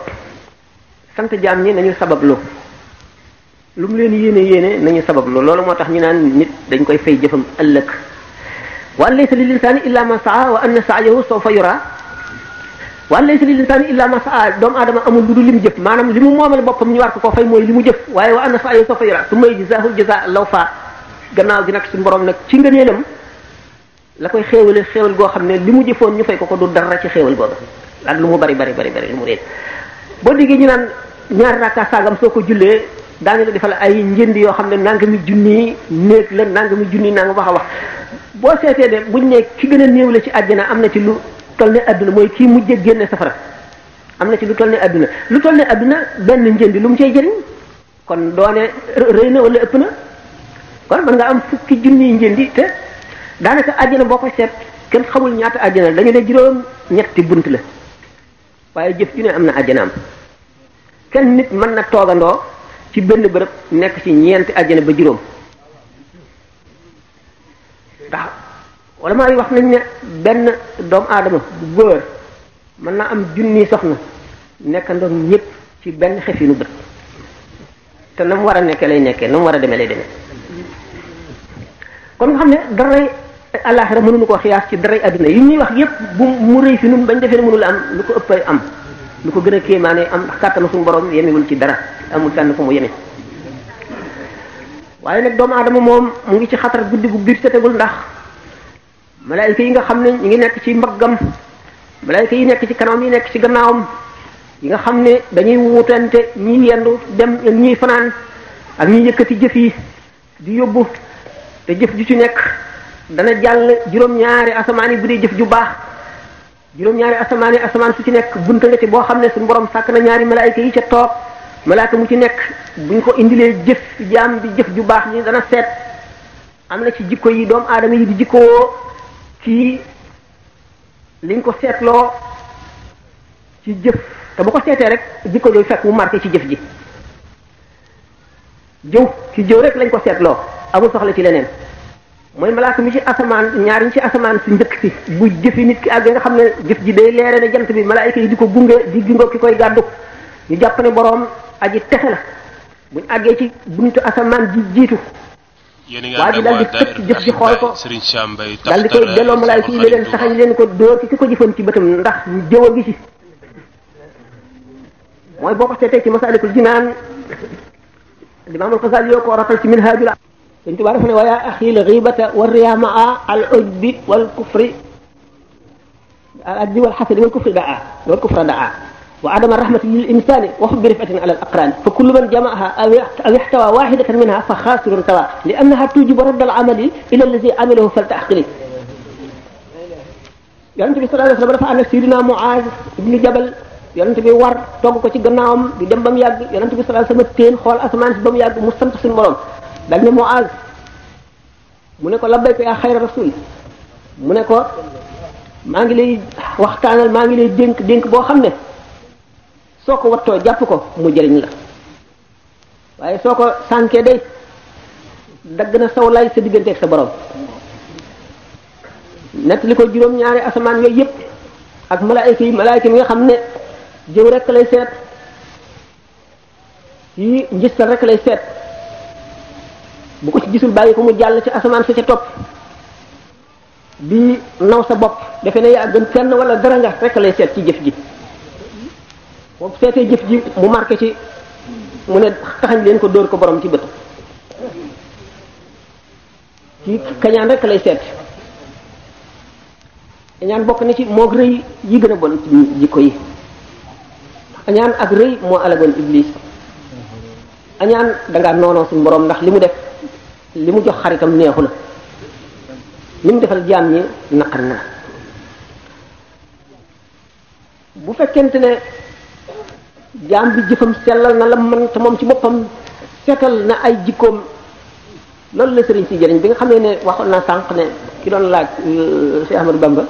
A: sant jaam yi nañu sabab lu leen yéene yéene nañu sabab lu loolu moo tax ñu naan nit dañ koy fay jëfam ëllëg wa an laysa lil insani illa ma saa wa anna sa'yahu li yura wa an laysa lil insani illa ma saa doomu aadama amul lu dul li mu jëf maanaam li mu moomal boppam ñu war ko koo fay mooy li mu jëf waaye wa anna fa sawfa yura su may jazaahu jazaa law fa gannaaw gi nag suñu borom nag ci ngëneelam la koy xéewale xéewal goo xam ne li mu jëfoon ñu fay ko ko du dara ci xéewal googa ak lu mu bari bari bari bari lu boo déggee ñu naan ñaari sa sangam soo ko jullee daañu la defal ay njënd yoo xam ne nangami junni néeg la nangami junni nanga wax a wax boo seetee de buñ ne ki gën a néew la ci àddina am na ci lu toll ne àdduna mooy kii mujj génne safara am na ci lu toll ne àdduna lu toll ne àdduna benn njënd lu mu cay jëriñ kon doone rëy na wala ëpp na kon mën nga am fukki junni njëndi te daanaka àddina boo ko seet kenn xamul ñaata àddina dañu ne juróom ñetti bunt la waaye jëf ju ne am na àddina am kenn nit mën na toogandoo ci benn bërëb nekk ci ñeenti àjjana ba juróom ndax walla maa yi wax nañ ne benn doomu aadama bu góor mën naa am junni soxna nekkandoog ñëpp ci benn xefinu bët te na mu war a nekkee lay nekkee na mu war a demee lay demee kon nga xam ne daray àllaaxira mënuñu ko xiyaas ci daray àddina yi ñuy wax yépp bu mu rëy fi nun bañ defee ne mënula am lu ko ëpp am lu ko gën a kéemaane am ndax kàttanu suñu borom yemewul ci dara amul fenn fu mu yeme waaye nag doomu aadama moom mu ngi ci xatar guddi bu biir setegul ndax malaayika yi nga xam ne ñu ngi nekk ci mbaggam malaayika yi nekk ci kanam yi nekk ci gannaawam yi nga xam ne dañuy wutante ñi yendu dem ñiy fanaan ak ñiy yëkkati jëf yi di yóbbu te jëf ju ci nekk dana jàll juróom-ñaari asamaan bu dee jëf ju baax juróom-ñaari asamaan yi asamaan su ci nekk bunta nga ci boo xam ne suñu borom sàkk na ñaari malaayika yi ca toog malaayika mu ci nekk buñ ko indilee jëf jaam bi jëf ju baax ni dana seet am na ci jikko yi doom aadama yi di jikkoo ci liñ ko seetloo ci jëf te bu ko seetee rek jikko jooy fekk mu marqué ci jëf ji jëw ci jëw rek lañ ko seetloo amul soxla ci leneen mooy malaaka mi ci asamaan ñaar ñi ci asamaan si njëkk si bu jëfi nit ki àgg nga xam ne jëf ji day leere ne jant bi malaayika yi di ko gunge di gingo ki koy gàddu ñu jàpp ne boroom aji texe la buñ àggee ci buntu asamaan ji jiitu
B: waa ji daal di tëkk jëf ji xool ko daal di koy delloo malaayika yi leen
A: saxañ leen ko dóor ci ki ko jëfoon ci bëtam ndax ñu jëw a ngi ci mooy boo ko seetee ci masaalikul jinaan limaamul xasaal yoo ko ratal ci minhaajul Sëriñ Tuubaa dafa ne wa yaa axi al xiibata wa riyamaa al ujbi wal kufri al ajbi wal xasadi wal kufri daa wal kufra daa wa adama rahmati lil insani wa hubbi rifatin ala al aqrani fa kullu man jamaaha aw yaxtawa waxidatan minha fa xaasirun sawa li annaha tujibu radd al amali ila allazi amilahu fal taxqili yonente bi sallallahu alayhi wa sallam dafa ànd ak Seydina Muaz ibni Jabal yonente bi war togg ko ci gannaawam di dem ba mu yàgg yonente bi sallallahu alayhi wa sallam téen xool asamaan si ba mu yàgg mu sant suñu borom dal ne Muaz mu ne ko labbayka yaa xayra rasul mu ne ko maa ngi lay waxtaanal maa ngi lay dénk dénk boo xam ne soo ko wattoo jàpp ko mu jëriñ la waaye soo ko sankee day dagg na saw lay sa digganteeg sa boroom nett li ko juróom-ñaari asamaan yooyu yëpp ak malaayka yi malaayka mi nga xam ne jëw rekk lay seet yi sa rekk lay seet bu ko ci gisul bàyyi ko mu jàll ci asamaan si ca topp di naw sa bopp defe ne yaa gën kenn wala dara nga rek lay seet ci jëf ji boobu seetee jëf ji mu marqué ci mu ne taxañ leen ko dóor ko boroom ci bët ci kañaan rek lay seet añaan bokk na ci moog rëy yi gën a bon ci jikko yi añaan ak rëy moo alagoon iblis añaan da ngaa noonoo suñu borom ndax li mu def li mu jox xaritam neexu na li mu defal jaam ñi naqar na bu fekkente ne jaam bi jëfam sellal na la man te moom ci boppam seetal na ay jikkoom loolu la sëriñ si jëriñ bi nga xam ne ne waxoon naa sànq ne ki doon laaj euh, Cheikh Ahmadou Bamba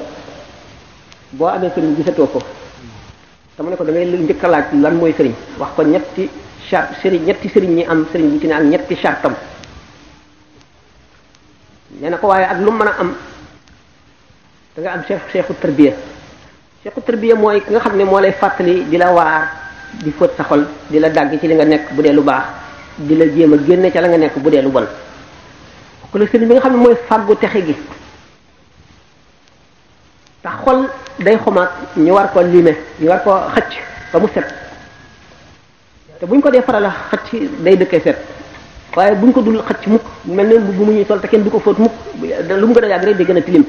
A: boo amee sëriñ gisatoo ko dama ne ko da ngay njëkk a laaj lan mooy sëriñ wax ko ñetti char sëriñ ñetti sëriñ ñi am sëriñ bu ci ne am ñetti chartam ko waaye ak lu mu mën a am da nga am cheikh cheikhu tarbiya cheikhu tarbiya mooy ki nga xam ne moo lay fàttali di la waar di fóot sa xol di la dàgg ci li nga nekk bu dee lu baax di la jéem a génne ca la nga nekk bu dee lu bon ku la sëriñ bi nga xam ne mooy fàggu texe gi tax xol day xomaat ñu war ko liime ñu war ko xëcc ba mu set te buñ ko dee faral a xëcc day dëkkee set waaye buñ ko dul xëcc mukk mel ne bu mu ñuy sol te kenn du ko fóot mukk gën a yàgg rek day gën a tilim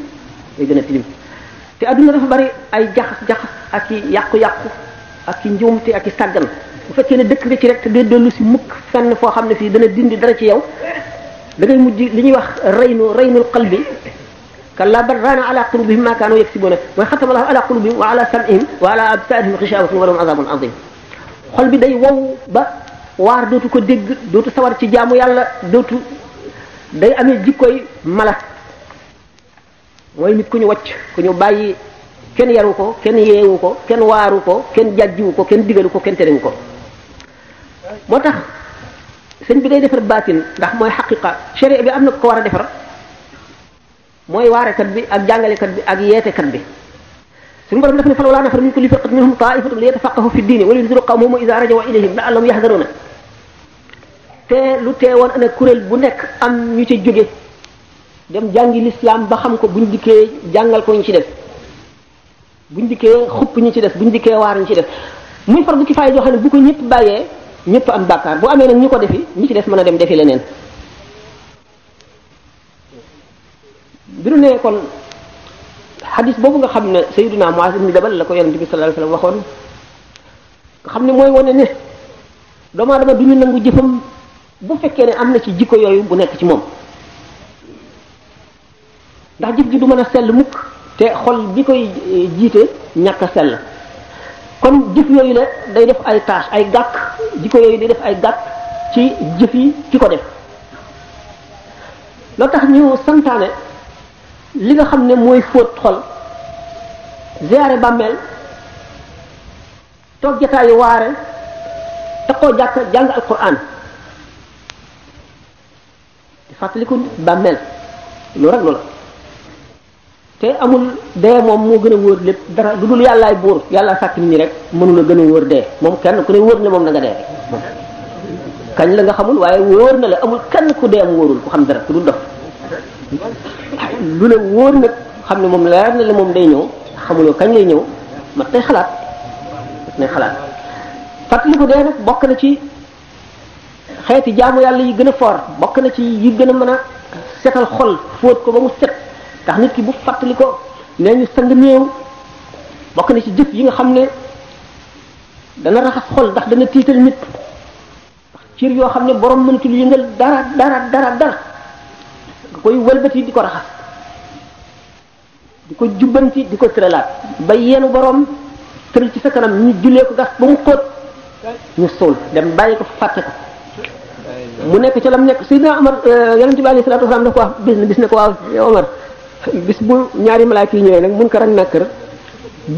A: day gën dafa bari ay jaxas-jaxas ak i yàqu-yàqu ak i njuumte ak i sàggan bu fekkee ne dëkk nga ci rek te dee dellu si mukk fenn foo xam ne fii dana dindi dara ci yow da ngay mujj li ñuy wax raynu raynul qalbi kalla bal raana ala qulubihim ma kaanu yaksibuuna mooy xatama allahu ala qulubihim wa ala sam'ihim wa ala absaarihim xishawatun wa lahum azabun azim xol bi day wow ba waar dootu ko dégg dootu sawar ci jaamu yàlla dootu day amee jikkoy mala mooy nit ku ñu wacc ku ñu bàyyi kenn yaru ko kenn yeewu ko kenn waaru ko kenn jàjjiwu ko kenn digalu ko kenn terewu ko moo tax sëñ bi day defar baatin ndax mooy xaqiqa sharia bi am na ko war a defar mooy waarekat bi ak jàngalekat bi ak yeetekat bi suñu borom daf ne falawlaa nafara min kulli firqatin minhum taa'ifatun liyatafaqqahu fi ddiini wa liyunziru qawmahum idha raja'u ilayhim la'allahum yahdharuna te lu teewoon ana kuréel bu nekk am ñu ci jóge dem jàngi lislaam ba xam ko buñ dikkee jàngal ko ñu ci des buñ dikkee xupp ñu ci des buñ dikkee waar ñu ci def muy fardu kifaaya joo jox ne bu ko ñëpp bàyyee ñëpp am bàkkaar amee nag ñu ko defi ñi ci des mën a dem defi leneen bi nu nee boobu nga xam ne naa Muaz ibn Jabal la ko yonente bi sallallahu alayhi waxoon xam ne mooy wane ne doomu aadama du ñu nangu jëfam bu fekkee ne am na ci jikko yooyu bu nekk ci moom ndax jëf ji du mën a sell mukk te xol bi koy eh, jiite ñàkk a sell kon jëf yooyu la day def ay tâche ay gàkk jikko yooyu day def ay gàkk ci jëf yi ci ko def loo tax ñu santaane li nga xam ne mooy fóot xol ziyaare bàmmeel toog jataayu waare takkoo jàkk jàng alquran fàttaliku bàmmeel loolu rek loola te amul dee moom moo gën a wóor lépp dara lu dul yàllaay buur yàlla sàkk nit ñi rek a gën a wóor dee moom kenn ku ne wóor ne moom na nga dee rek kañ la nga xamul waaye wóor na la amul kenn ku dee am wóorul ku xam dara ku dul dof lu la wóor nag xam ne moom la leer na la moom day ñëw xamuloo kañ lay ñëw mat nay xalaat mat nay xalaat fàttaliku dee nag bokk na ci xeeti jaamu yàlla yi gën a foor bokk na ci yi gën a mën a setal xol fóot ko ba mu set ndax nit ki bu fàttali ko nee ñu sang néew bokk na ci jëf yi nga xam ne dana raxas xol ndax dana tiital nit ndax yoo xam ne boroom mënatul yëngal dara dara dara dara nga koy wëlbati di ko raxas di ko jubbanti di ko tëralaat ba yeenu boroom tëral ci sa kanam ñu jullee ko gas ba mu xóot ñu suul dem bàyyi ko fàtte ko mu nekk ca lam nekk Seydina Omar euh, yonente bi alayhi salaatu wasalaam daf ko wax bis ne bis ne ko waaw Omar bis bu ñaari malaaka yi ñëwee nag mun ko rak nàkkar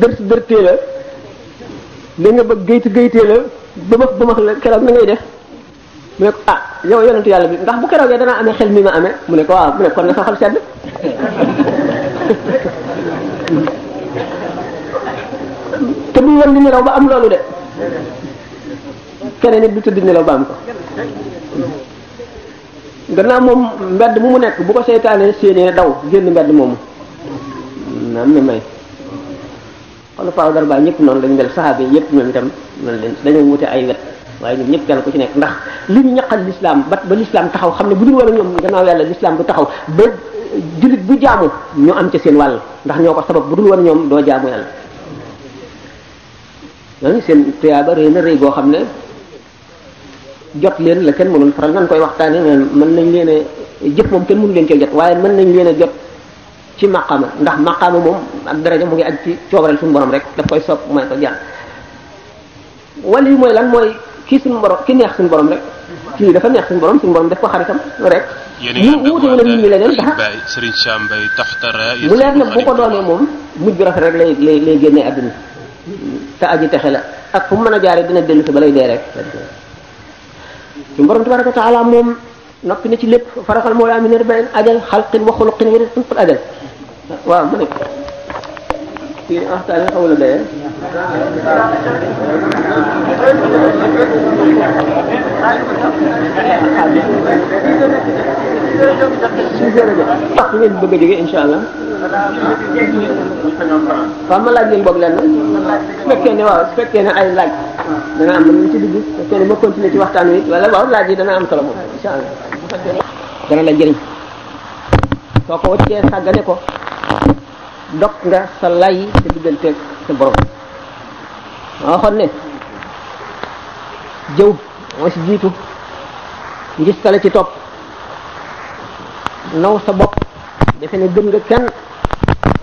A: dërt dërtee la li nga bëgg gaytu gaytee la bëmax bëmax la keroog na ngay def mu ne ah, yow yonentu yàlla bi ndax bu keroogee danaa amee xel mi amee mu ne ko waaw mu ne kon na sa xol sedd te nelaw ba am loolu de keneen nit du tëdd nelaw ba am ko gannaaw moom mbedd mu mu nekk bu ko seytaanee séenee daw génn mbedd moomu am na may xolofaaw dara baay ñëpp noonu lañu mel saxaabe yëpp ñoom itam noonu leen dañoo wute ay wet waaye ñoom ñëpp kenn ku ci nekk ndax li ñu ñaqal lislaam ba ba lislaam taxaw xam ne bu dul wala ñoom gannaaw yàlla lislaam du taxaw ba jullit bu jaamu ñu am ca seen wàll ndax ñoo ko sabab bu dul woon ñoom doo jaamu yàlla seen tuyaaba réy na réy goo xam ne jot leen la kenn mënul faral nan koy waxtaanee mën nañ leen a moom kenn mënu leen cee jot waaye mën nañ leen a jot ci maqaama ndax maqaama moom ak daraja mu ngi aj ci coobareel suñu borom rek daf koy sop mooy ko jar wala yu mooy lan mooy kii suñu borom ki neex suñu borom rek kii dafa neex suñu borom suñu borom def ko xaritam rek. ñu wuute wala nit ñi leneen
B: tax Serigne Sam mu leer
A: na bu ko doonee moom mujj bu rafet rek lay lay génnee adduna te aji texe la ak fu mu mën a jaaree dina dellu si ba lay dee rek suñu borom tabaraka wa taala moom noppi na ci lépp faraxal moo la am ne da beneen ajal xalqin wa xuluqin wa rizqin qad ajal waaw mu ne yéen waxtaan xaw la dayee wax ngeen bëgg a jógee insha allah waaw ma laaj leen boog lenn su fekkee ne waaw su fekkee ne ay laaj dana am lu ci dugg te kenn waxtaan wi wala waaw laaj yi dana am solo moom allah dana la njëriñ soo ko wëccee sàggane ko dog nga sa lay sa digganteeg sa borom ma waxoon ne jëw moo si jiitu ngis tala ci topp naw sa bopp defe ne gën nga kenn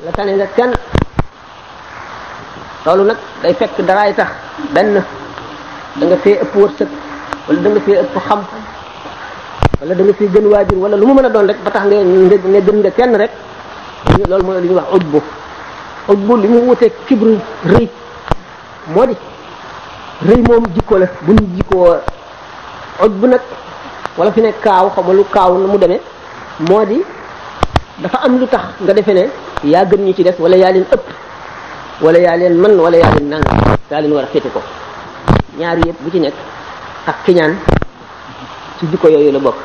A: la tane nga kenn loolu nag day fekk daraay tax benn da nga fee ëpp wërsëg wala da nga fee ëpp xam wala da fee gën waajur wala lu mu mën a doon rek ba tax nga ne gën nga kenn rek loolu mooy lu ñuy wax utbu utbu li mu wutee kibru rëy moo di rëy moom jikko la bu ñu jikkoo utbu nag wala fi ne kaaw xaw ma kaaw nu mu demee moo di dafa am lu tax nga defe ne yaa gën ñu ci des wala yaa leen ëpp wala yaa leen man wala yaa leen nangam daa leen a féete ko ñaar yëpp bu ci nekk ak kiñaan ci jikko yooyu la bokk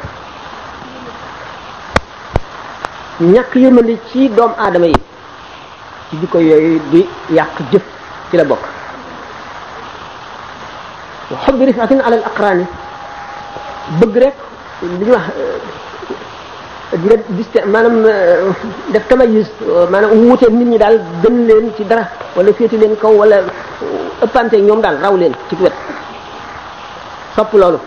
A: ñàkk yërmande ci doom aadama yi ci jikko yooyu di yàq jëf ci la bokk wa xobbi rifatin alal aqraani bëgg rek li ñu wax dina diste maanaam euh, def tamayus maanaam wuuteeg nit ñi daal gën leen ci dara wala féeti leen kaw wala ëppante ñoom daal raw leen ci wet sopp loolu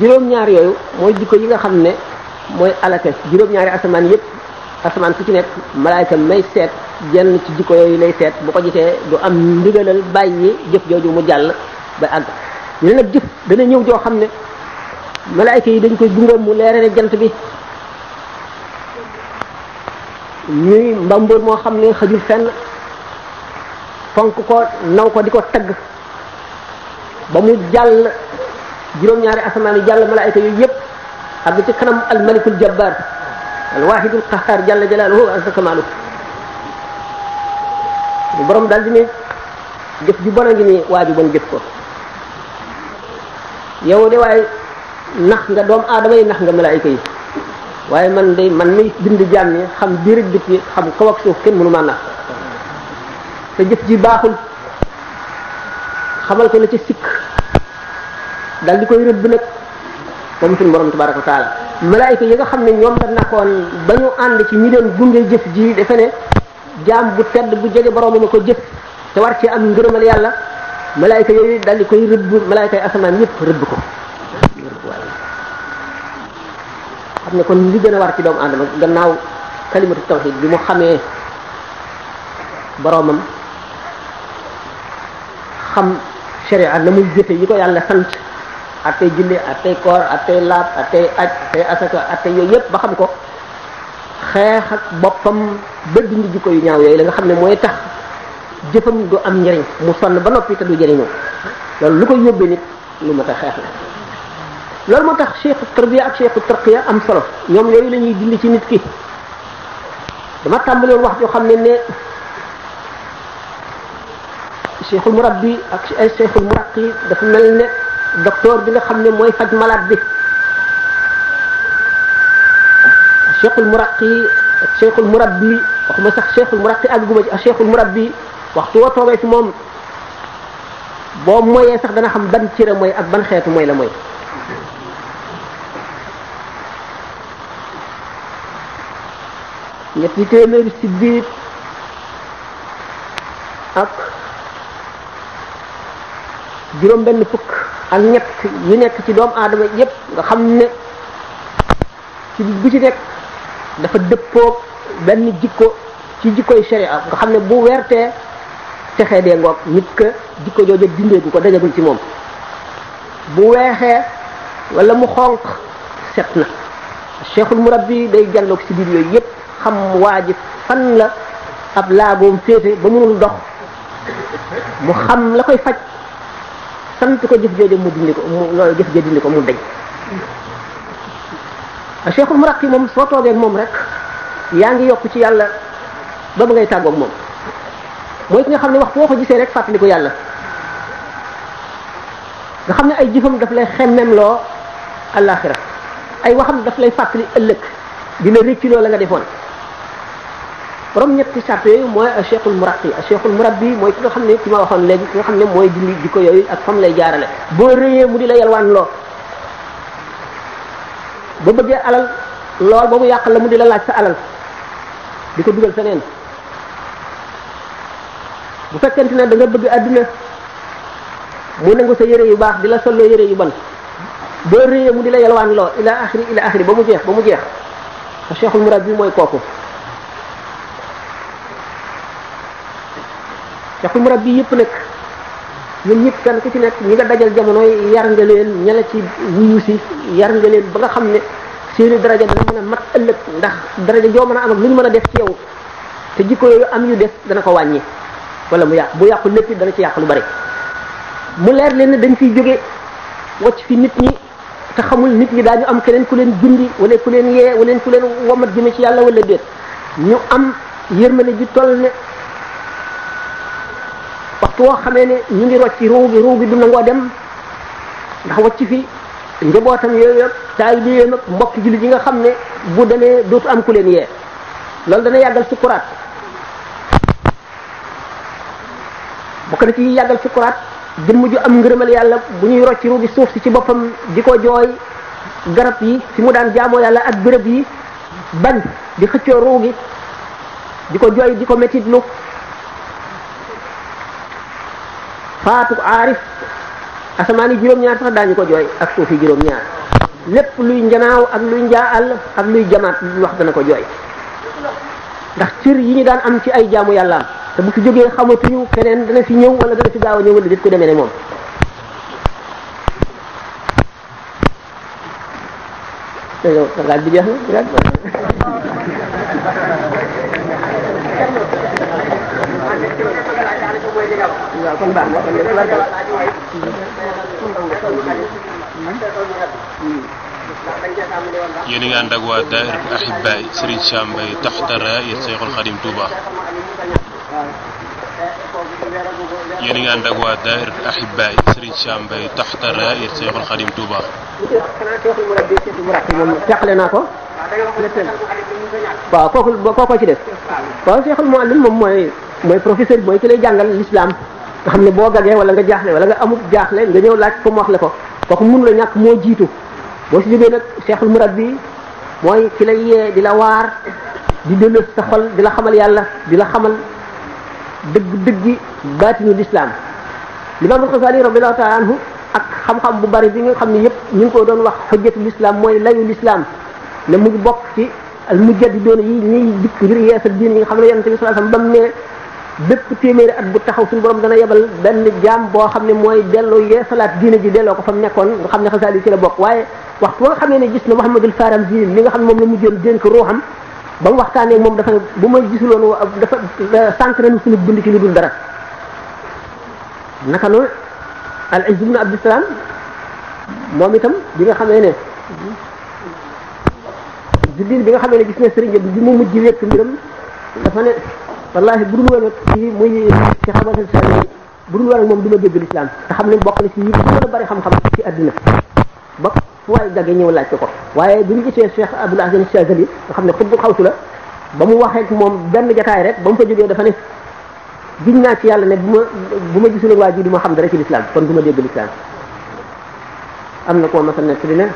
A: juróom-ñaar yooyu mooy jikko yi nga xam ne mooy alakes juróom-ñaari asamaan yëpp asamaan su ci nekk malaayka may seet jenn ci jikko yooyu lay seet bu ko jitee du am ndigalal bàyyi jëf jooju mu jàll ba àgg ñu ne nag jëf dana ñëw joo xam ne malaayka yi dañ koy gungoom mu leerale jant bi ñuy mbambóor moo xam ne xaju fenn fonk ko naw ko di ko tagg ba mu jàll juróom-ñaari asamaan yi jàll malaayka yooyu yëpp àgg ci kanam al malikul jabbar al wahidul qahhar jalla jalaluhu azza kamalu borom daal di ne jëf ju bon a ngi nii waa ju ko yow de waaye nax nga doom aadama yi nax nga malaayika yi waaye man day man mi bind jaam ñi xam biir ak biti xam kaw ak suuf kenn mënu maa nax te jëf ji baaxul xamal ko la ci sikk dal di koy rëbb nag moom suñu borom tabaraka wa taala malaayika yi nga xam ne ñoom la naxoon ba ñu ànd ci ñu leen gunge jëf ji defe ne jaam bu tedd bu jege boromam a ko jëf te war ci am ngërëmal yàlla malaayika yooyu dal di koy rëbb malaayika yi asamaan yëpp rëbb ko xam ne kon li gën a war ci doomu aadama gannaaw kalimatu tawxid bi mu xamee boroomam xam sharia na muy jëfe yi ko yàlla sant ak tey julli ak tey laab ak aj ak tey asaka ak tey yooyu yëpp ba xam ko xeex ak boppam ba dindi jikko yu ñaaw yooyu la nga xam ne mooy tax jëfam du am njëriñ mu sonn ba noppi te du jëriñoo loolu lu ko yóbbee nit lu mat a xeex la loolu moo tax cheikhu tarbiya ak cheikhu tarqiya am solo ñoom yooyu la ñuy dindi ci nit ki dama tàmbaloon wax joo xam ne ne cheikhul murabbi ak ay cheikhul muraqi dafa mel ne docteur bi nga xam ne mooy faj malade bi cheikhul muraqi ak cheikhul mu waxuma sax cheikhul muraqi ak guma ci ak cheikhul murabbi waxtu woo toogee ci moom boo moyee sax dana xam ban cire mooy ak ban xeetu mooy la mooy ñetti téeméeri si biir ak juróom benn fukk ak ñett yu nekk ci doomu aadama yépp nga xam ne ci bu ci nekk dafa dëppoog benn jikko ci jikkoy sharia nga xam ne bu weertee texee dee ngoog nit ka jikko jooja dindeegu ko dajagul ci moom bu weexee walla mu xonq set na cheikhul murabbi day jàlloog si biir yooyu yépp xam waa ji fan la ab laagoom féete ba mënul dox mu xam la koy faj sant ko jëf jooju mu dindi ko mu loolu jëf jooju dindi ko mu deñ cheikhul muraqi moom soo toogee moom rek yaa ngi yokk ci yàlla ba ba ngay tàggoog moom mooy ki nga xam ne wax boo ko gisee rek fàttali yàlla nga xam ne ay jëfam daf lay xemmem loo àllaaxira ay waxam daf lay fàttali ëllëg dina rëcc la nga defoon borom ñetti sart yooyu mooy cheikhul murabbi cheikhul murabbi mooy ki nga xam ne ki ma waxoon léegi ki nga xam ne mooy dindi di ko yooyu ak fam lay jaarale boo rëyee mu di la yalwaan loo ba bëggee lool ba yàq la mu di la laaj sa alal di ko dugal feneen bu ne da nga bëgg àdduna mu nangu sa yére yu baax di la solloo yére yu bon boo rëyee mu di la yalwaan loo ila axiri ila axiri ba mu jeex ba mu jeex cheikhul murabbi mooy kooku dafa mu rabbi yëpp nag ñun ñëpp kenn ku ci nekk ñi nga dajal jamono yar nga leen ña ci wuyu si yar nga leen ba nga xam ne seeni daraja dana mën a mat ëllëg ndax daraja joo mën a am ak lu ñu mën a def ci yow te jikko yooyu am yu def dana ko wàññi wala mu yàq bu yàqu lépp dana ci yàq lu bari mu leer leen ne dañ fiy jóge wacc fi nit ñi te xamul nit ñi daañu am keneen ku leen gindi wala ku leen yee wala ku leen womat jëme ci yàlla walla déet ñu am yërmande ju toll ne waxtu woo xamee ne ñu ngi rocci ruu gi ruu gi du nangoo dem ndax wacc fi njabootam yooyu yooyu yëpp mbokk jullit nga xam ne bu demee dootu am ku leen yee loolu dana yàggal sukkuraat bokk na ci yàggal sukkuraat jëmm ju am ngërëmal yàlla bu ñuy rocci ruu suuf si ci boppam di ko jooy garab yi fi mu daan jaamoo yàlla ak béréb yi bañ di xëccoo ruu di ko jooy di ko métitlu faatu aarif asamaan yi juróom-ñaar sax daañu ko jooy ak suuf yi juróom-ñaar lépp luy njanaaw ak luy njaal ak luy jamaat lu wax dana ko jooy ndax cër yi ñu daan am ci ay jaamu yàllaam te bu fi jógee xamatuñu keneen dana fi ñëw wala dana fi gaaw a ñëw wala dit ko demee ne na
C: waaw kon baax na kon yéen a
B: ngi ànd ak waa Daahiratu Ahibaay Serigne Sam Mbaye taxta raayat Seyxul Xadim Touba. yéen a ngi ànd ak waa Daahiratu Ahibaay Serigne Sam Xadim Touba.
A: teqale naa ko. waaw kooku kooku ci des. waaw Seyxul Muallim moom mooy. mooy professeur bi mooy ki lay jàngal l'islam nga xam ne boo gagee wala nga jaaxle wala nga amul jaaxle nga ñëw laaj ko mu wax la ko kooku mënu la ñàkk moo jiitu boo si jógee nag cheikhul murabbi mooy ki lay yee di la waar di delloo sa xol di la xamal yàlla di la xamal dëgg dëggi baatinu l'islam limaamul Xasaali radiyallahu taala anhu ak xam bu bari bi nga xam ne yëpp ñu ngi ko doon wax xujjatu l'islam mooy layu lislaam ne mu bokk ci al mujjadidoon yi ñuy dikk ngir yeesal diin yi nga xam ne yonent bi sallallahu alayhi wasallam bam ne bépp téeméeri at bu taxaw suñu borom dana yebal benn jaam boo xam ne mooy delloo yeesalaat diine ji delloo ko fa mu nekkoon nga xam ne xasaal yi ci la bokk waaye waxtu ba nga ne gis na Muhammadul Faramzi mi nga xam ne moom la mujjoon dénk ruuxam ba mu waxtaanee moom dafa ne bu ma gisuloon dafa sànq nañu suñu bind ci lu dul dara naka noonu al Izz ibn Abdusalaam moom bi nga xamee ne jullit bi nga xamee ne gis na sëriñ bi mu mujj wekk mbiram dafa ne wallahi bu dul woon ak kii muy ci xamatal bu dul woon ak moom du ma dégg lislaam te xam ne bokk na ci yi gën a bari xam-xam ci àddina ba fu waay ñëw laaj ko ko waaye bu ñu gisee Cheikh Abdoul Aziz Chazali nga xam ne xutbu xawsu la ba mu waxee ak moom benn jataay rek ba mu fa jógee dafa ne giñ naa ci yàlla ne bu ma bu ma gisuloon waa ji du ma xam dara ci lislaam kon duma ma dégg lislaam am na koo masa nekk di ne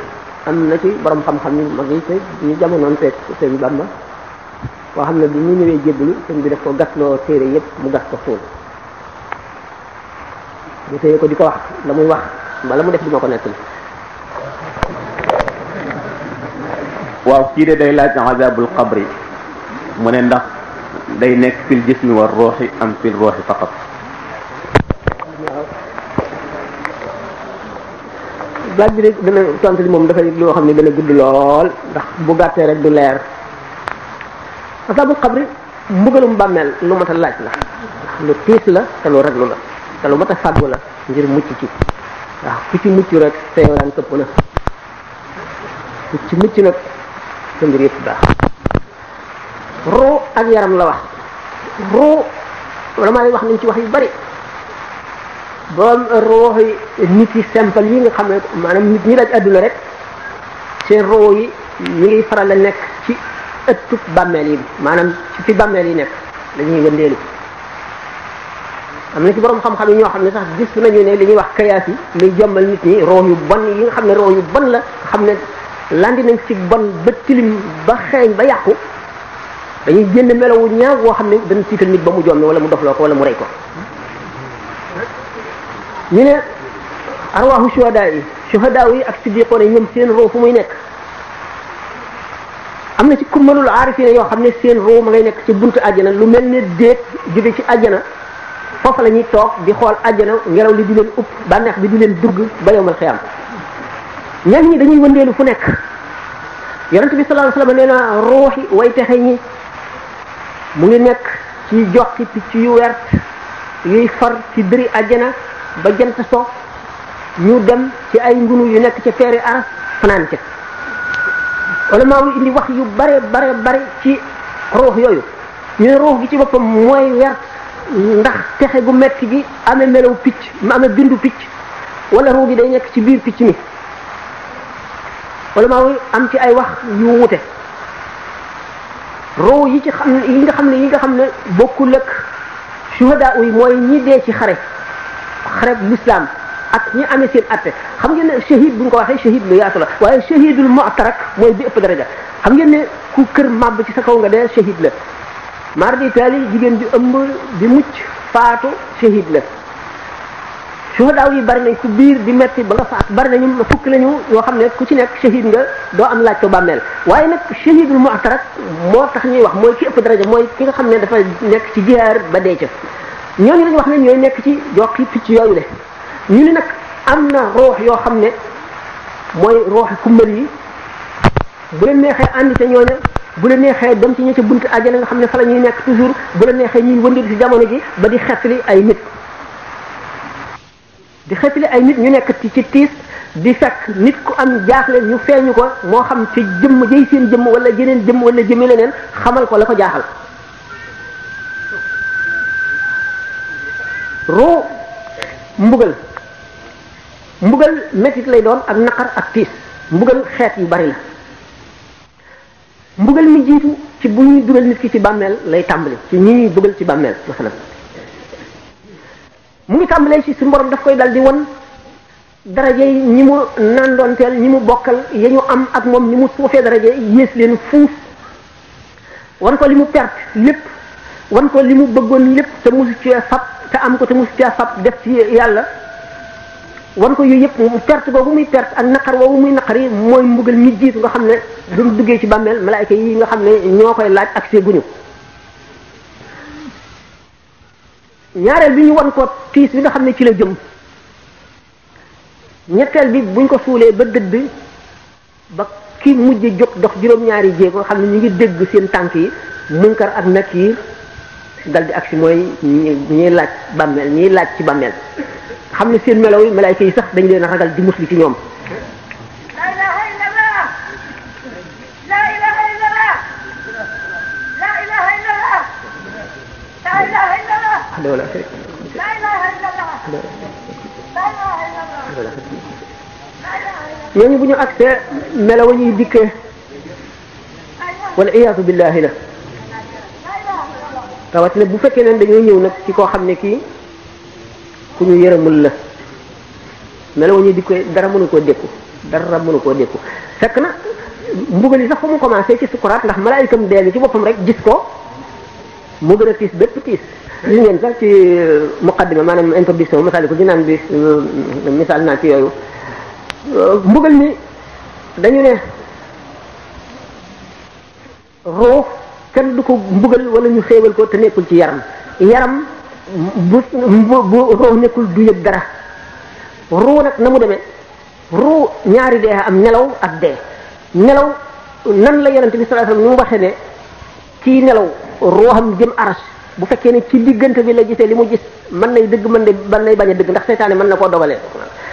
A: am na ci boroom xam-xam yu mag yi te ñu jamonoon teeg sëñ Bamba koo xam ne bi ñu ñëwee jébbalu sëñ bi daf ko gatloo téere yépp mu gas ko suul mu téye ko di ko wax la mu wax wala mu def di ma ko nettali waaw kii de day laaj azabul qabri mu ne ndax day nekk fil jismi war ruuxi am fil ruuxi faqat bi rek dana tontu li moom dafay loo xam ne dana gudd lool ndax bu gàttee rek du leer asabu xabri mbugalum bàmmeel lu mat a laaj la lu tiis la te lu raglu la te lu mat a fàggu la ngir mucc ci waaw ku ci mucc rek sa yow daan këpp na ku ci mucc nag sa mbir yëpp baax ruu ak yaram la wax ruu wala maa ngi wax nañ ci wax yu bari boom roo yi nit yi simple yi nga xam ne maanaam nit ñi daj àdduna rek seen roo yi ñu faral a nekk ëttub bàmmeel yi maanaam ci fi bàmmeel yi nekk dañuy wëndeelu am na ci borom xam-xam ñoo xam ne sax gis nañu ne li ñuy wax kayaas yi luy jommal nit ñi roox yu bon yi nga xam ne roox yu la xam ne landi nañ ci bon ba tilim ba xeeñ ba yàqu dañuy génn melawu ñaaw woo xam ne dañ tiital nit ba mu joom wala mu dofloo ko wala mu rey ko ñu ne arwaaxu shuhadaa yi shuhadaa yi ak siddiqoon yi ñoom seen roo fu muy nekk am na ci kurmalul aarifina yoo xam ne seen ruu ma ngay nekk ci buntu àjjana lu mel ne déet jóge ci àjjana foofa la ñuy toog di xool àjjana ngelaw li di leen upp bànneex bi di leen dugg ba yowmal xiyaam ñenn ñi dañuy wëndeelu fu nekk yonent bi sallallahu alayhi wasallam nee na ruuxi way mu ngi nekk ci joxi picc yu wert yuy far ci dëri àjjana ba jant so ñu dem ci ay ngunu yu nekk ci feeri aras fanaan ca wala maa indi wax yu bare bare bare ci ruux yooyu ñu ruux gi ci boppam mooy wert ndax texe gu metti gi amee melaw picc ma amee bindu picc wala ruux gi day nekk ci biir picc mi wala maa am ci ay wax yu wute ruux yi ci xam yi nga xam ne yi nga xam ne bokkul ak shuhada yi mooy ñi dee ci xare xare l'islam ak ñi amee seen atte xam ngeen ne shahid bu ñu ko waxee shahid lu yaatu la waaye shahidul mu'tarak mooy bi ëpp daraja xam ngeen ku kër màbb ci sa kaw nga dee shahid la mardi taali jigéen bi ëmb bi mucc faatu shahid la suhadaaw yi bari nañ ku biir bi metti ba nga faat bari nañu fukki lañu yoo xam ne ku ci nekk shahid nga doo am laaj ko bàmmeel waaye nag shahidul mu'tarak moo tax ñuy wax mooy ki ëpp daraja mooy ki nga xam ne dafa nekk ci jihaar ba dee ca ñooñu lañ wax ne ñooy nekk ci jokki picc yooyu le ñu ni nag am na roox yoo xam ne mooy rooxi kumbal yi bu la neexee ànd ca ñooña bu la neexee dem ci ña ci bunt àjjana nga xam ne fa la ñuy nekk toujours bu la neexee ñuy wëndeel ci jamono ji ba di xetli ay nit di xetli ay nit ñu nekk ci tiis di fekk nit ku am jaaxle ñu feeñu ko moo xam ci jëmm jëy seen jëmm wala jeneen jëmm wala jëmmi leneen xamal ko la ko jaaxal roo mbugal mbugal metit lay doon ak naqar ak tiis mbugal xeet yu bari la mbugal mi jiitu ci bu ñuy dugal nit ki ci bàmmeel lay tàmbali ci ñi ñuy dugal ci bàmmeel masalan mu ngi tàmbalee ci su borom daf koy dal di won daraje ñi mu nàndoonteel ñi mu bokkal ya ñu am ak moom ni mu suufee daraje yées leen fuuf wan ko li mu perte lépp wan ko li mu bëggoon lépp te musu ci te am ko te musu ci def ci yàlla wan ko yooyu yëpp perte googu muy perte ak naqar woowu muy naqar yi mooy mbugal ñi jiitu nga xam ne du mu duggee ci bàmmeel malaayka yi nga xam ne ñoo koy laaj ak guñu ñaareel bi ñu wan ko tiis bi nga xam ne ci jëm ñetteel bi buñ ko suulee ba dëdd ba ki mujj jóg dox juróom jéego xam ne ñu ngi dégg seen tànk yi munkar ak nakir dal di agsi laaj bàmmeel ñiy laaj ci bàmmeel xam ne seen melaw yi malaayka yi sax dañ leen a ragal di musli ci ñoom
C: wala ñooñu bu ñu agsee
A: melaw ñuy dikkee
C: wala iyaatu billahi la rawatina
A: bu fekkee ne dañoo ñëw nag ci koo xam ne kii ku ñu yërëmul la melo ñu di ko dara mënu koo dékku dara mënu koo dékku fekk na mbugal yi sax fa mu commencé ci sukuraat ndax malaayikam dee bi ci boppam rek gis ko mu gën a tiis bépp tiis gis ngeen sax ci euh, muqaddima maanaam introduction masaliku dinaan bi euh, misaal naa ci yooyu euh, mbugal ni dañu ne ruux kenn du ko mbugal wala ñu xéewal ko te nekkul ci yaram yaram bu bu roo nekkul du yëg dara roo nag na mu demee roo ñaari dee am nelaw ak dee nelaw nan la yonente bi sallallahu alayhi wasallam ñu waxee ne ci nelaw roo xam jëm aras bu fekkee ne ci diggante bi la gisee li mu gis mën nay dëgg mën na mën nay bañ a dëgg ndax seytaane mën na koo dogalee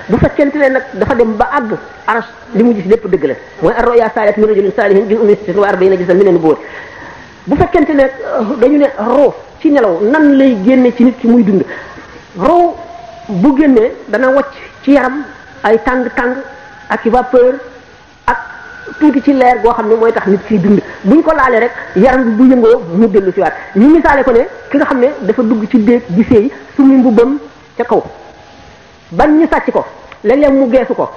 A: bu fekkente ne nag dafa dem ba àgg aras li mu gis lépp dëgg la mooy arroya salat min rajulin salihin bi ummi sittin wa arba'ina jisa minen bóor bu fekkente ne dañu ne roo ci nelaw nan lay génne ci nit ki muy dund row bu génnee dana wàcc ci yaram ay tàng-tàng ak i vapeur ak tuuti ci leer goo xam ne mooy tax nit kiy dund buñ ko laalee rek yaram bu yëngoo mu dellu si waat ñu misaale ko ne ki nga xam ne dafa dugg ci déeg gisee yi su mu mbubbam ca kaw ban ñu sàcc ko léeg-léeg mu geesu ko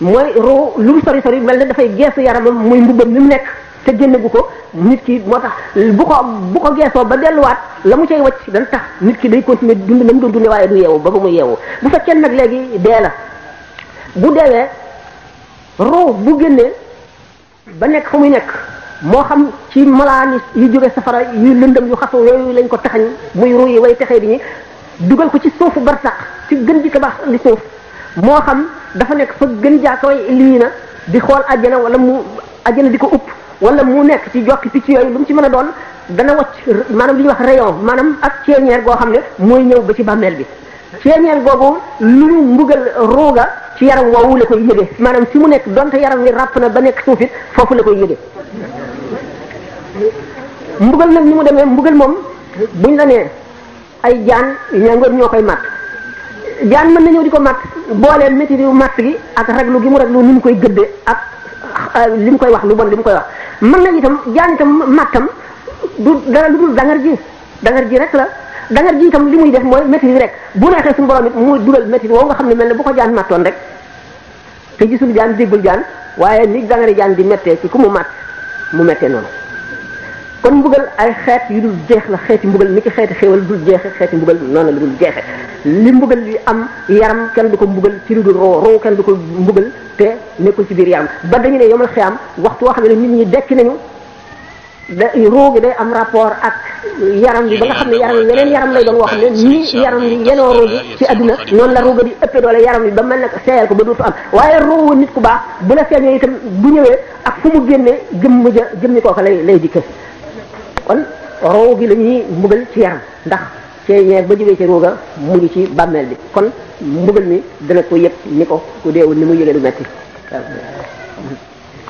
A: mooy ruu lu mu sori sori mel ne dafay geesu yaramam muy mbubbam li mu nekk te génneegu ko nit ki moo tax bu ko bu ko geesoo ba delluwaat la mu cay wacc dana tax nit ki day continuer dund na mu doon dundee waaye du yeewu ba ba muy yeewu bu fekkee nag léegi dee la bu deewee ruu bu génnee ba nekk fa muy nekk moo xam ci malaan yu jóge safara yu lëndëm yu xasaw yooyu lañ ko taxañ muy ruu yi way texee di ñi dugal ko ci suufu sax ci gën di tabax li suuf moo xam dafa nekk fa gën jaakaway lii na di xool ajjana wala mu ajjana di ko upp wala mu nekk ci jokki picc yooyu lu mu ci mën a doon dana wacc maanaam li ñu wax rayon maanaam ak ceeñeer goo xam ne mooy ñëw ba ci bàmmeel bi ceeñeer googu lu mu mbugal ruuga ci yaram woowu la koy yëge maanaam si mu nekk donte yaram wi ràpp na ba nekk suufit foofu la koy yëge mbugal nag ni mu demee mbugal moom buñ la nee ay jaan ñangoor ñoo koy màtt jaan mën di ko màtt boole métit yu matt gi ak raglu gi mu raglu ni mu koy gëddee ak euh, li mu koy wax lu bon li mu koy wax mën nañ itam jaan itam mattam du dara lu dul dangar ji dangar ji rek la dangar ji itam li muy def mooy métit yi rek bu neexee suñu borom it muy dugal métit woo nga xam ne mel ne bu ko jaan mattoon rek te gisul jaan déggul jaan waaye ni dangari jaan di méttee ci ku mu matt mu méttee noonu kon mbugal ay xeet yu dul jeex la xeeti mbugal ni ki xeeti xéewal dul jeexe xeeti mbugal noonu la dul jeexe li mbugal li am yaram kenn du ko mbugal ci lu dul roo roo ko mbugal te nekkul ci biir yaram ba dañu ne yomal xiyaam waxtu woo xam ne nit ñi dekk nañu da roo gi day am rapport ak yaram bi ba xam ne yaram bi yeneen yaram lay doon woo xam ne nii yaram bi yenoo roo gi ci adduna noonu la rooga di ëppee yaram bi ba mel ne seeyal ko ba dootu am waaye roo nit ku baax bu la feeñee itam bu ñëwee ak fu mu génnee jëmm ja jëmmi kooka lay lay dikkee kon roow lañuy la mbugal ci yaram ndax ceeñeer ba jógee ci ruuga mu ngi ci bàmmeel bi kon mbugal mi dana ko yëg ni ko ku deewul ni mu yëgee du metti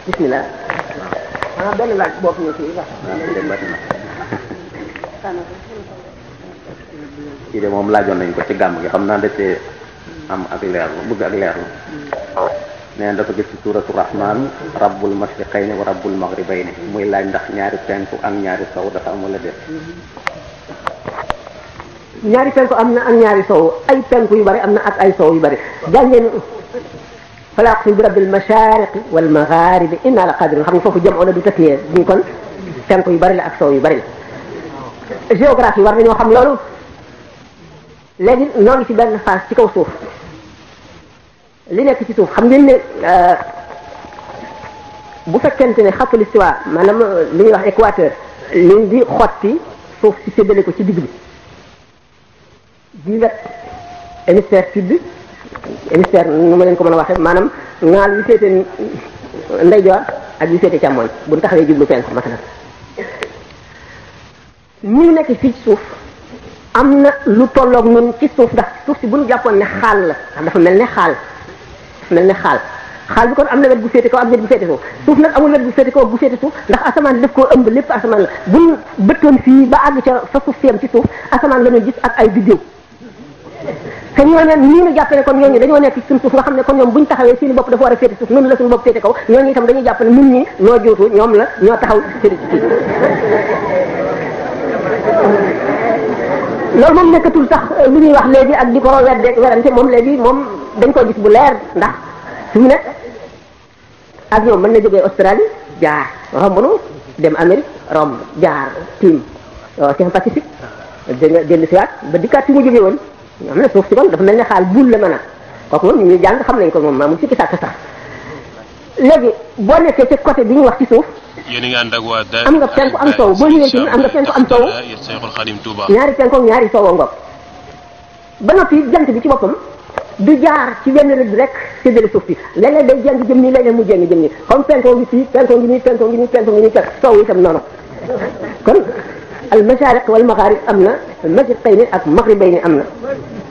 A: bismillah kii de moom laajoon nañ ko ci gàmb gi xam naa da cee am ak leerlu bëgg ak leerlu nee dafa gis ci suuratu rahmaan rabbul mashriqayni wa rabbul maghribayni muy laaj ndax ñaari penku ak ñaari sow dafa am wala déet ñaari penku am na ak ñaari sow ay penku yu bari am na ak ay sow yu bari jàng ngeen fala aqsimu bi rabbil mashariqi wal magharibi inna la qadirun xam nga foofu jëm la du tëkkiyee bii kon penku yu bari la ak sow yu bari la géographie war nañoo xam loolu léegi ñoo ngi ci benn phase ci kaw suuf li nekk ci suuf xam ngeen ne euh, bu fekkente ne xatul istiwa maanaam euh, li ñuy wax équateur liñ di xotti suuf si séddale ko ci digg bi di la hémisphère sud hémisphère nu ma leen ko mën a waxee maanaam ŋaal yu féete ndeyjoor ak yu féete càmmooñ bu ñu taxawee jublu penku masalan ñu nekk fii ci suuf am na lu tollook ñun ci suuf ndax suuf si bu ñu jàppoon ne xaal la ndax dafa mel ne xaal mel ne xaal xaal bi kon am na wet bu féete kaw am wet bu féete suuf suuf nag amul wet bu féete kaw ak bu féete suuf ndax asamaan daf koo ëmb lépp asamaan la buñ bëttoon fii ba àgg ca fa suuf siyam ci suuf asamaan la ñuy gis ak ay biddew te ñoo ne nii ñu jàppe ne kon ñooñu dañoo nekk ci suñu xam ne kon ñoom buñ taxawee seen bopp dafa war a féete suuf noonu la suñu bopp féete kaw ñooñu itam dañuy jàpp ne nun ñi noo jootu ñoom la ñoo taxaw féete ci loolu moom nekkatul sax euh, lu ñuy wax léegi ak di ko wedde werante moom léegi moom dañ koo gis bu leer ndax fii ne ñoom mën ne jógee Australie jaar romb nu dem Amérique romb jaar tiim euh, océan Pacifique dégg dellu siwaat ba dikkaat fi mu jógee woon xam ne suuf si moom dafa mel ne xaal bul la mën na kooku moom ñu jàng xam nañ ko moom maa mu sikki sàkk sax léegi boo nekkee ci côté bi ñuy wax ci suuf.
B: a am nga penku am soow boo ñëwee ci am nga penku am sow. ñaari
A: penku ak ñaari sow ngoog. ba noppi jant bi ci boppam du jaar ci benn rëdd rek séddale suuf bi léeg-léeg day jàng jëm nii léeg-léeg mu jàng jëm nii comme penku ngi fii penku ngi nii penku ngi nii penku ngi nii sow itam noonu kon al mashariq wal magharib am na al mashriqayni ak maghribayni am
C: na.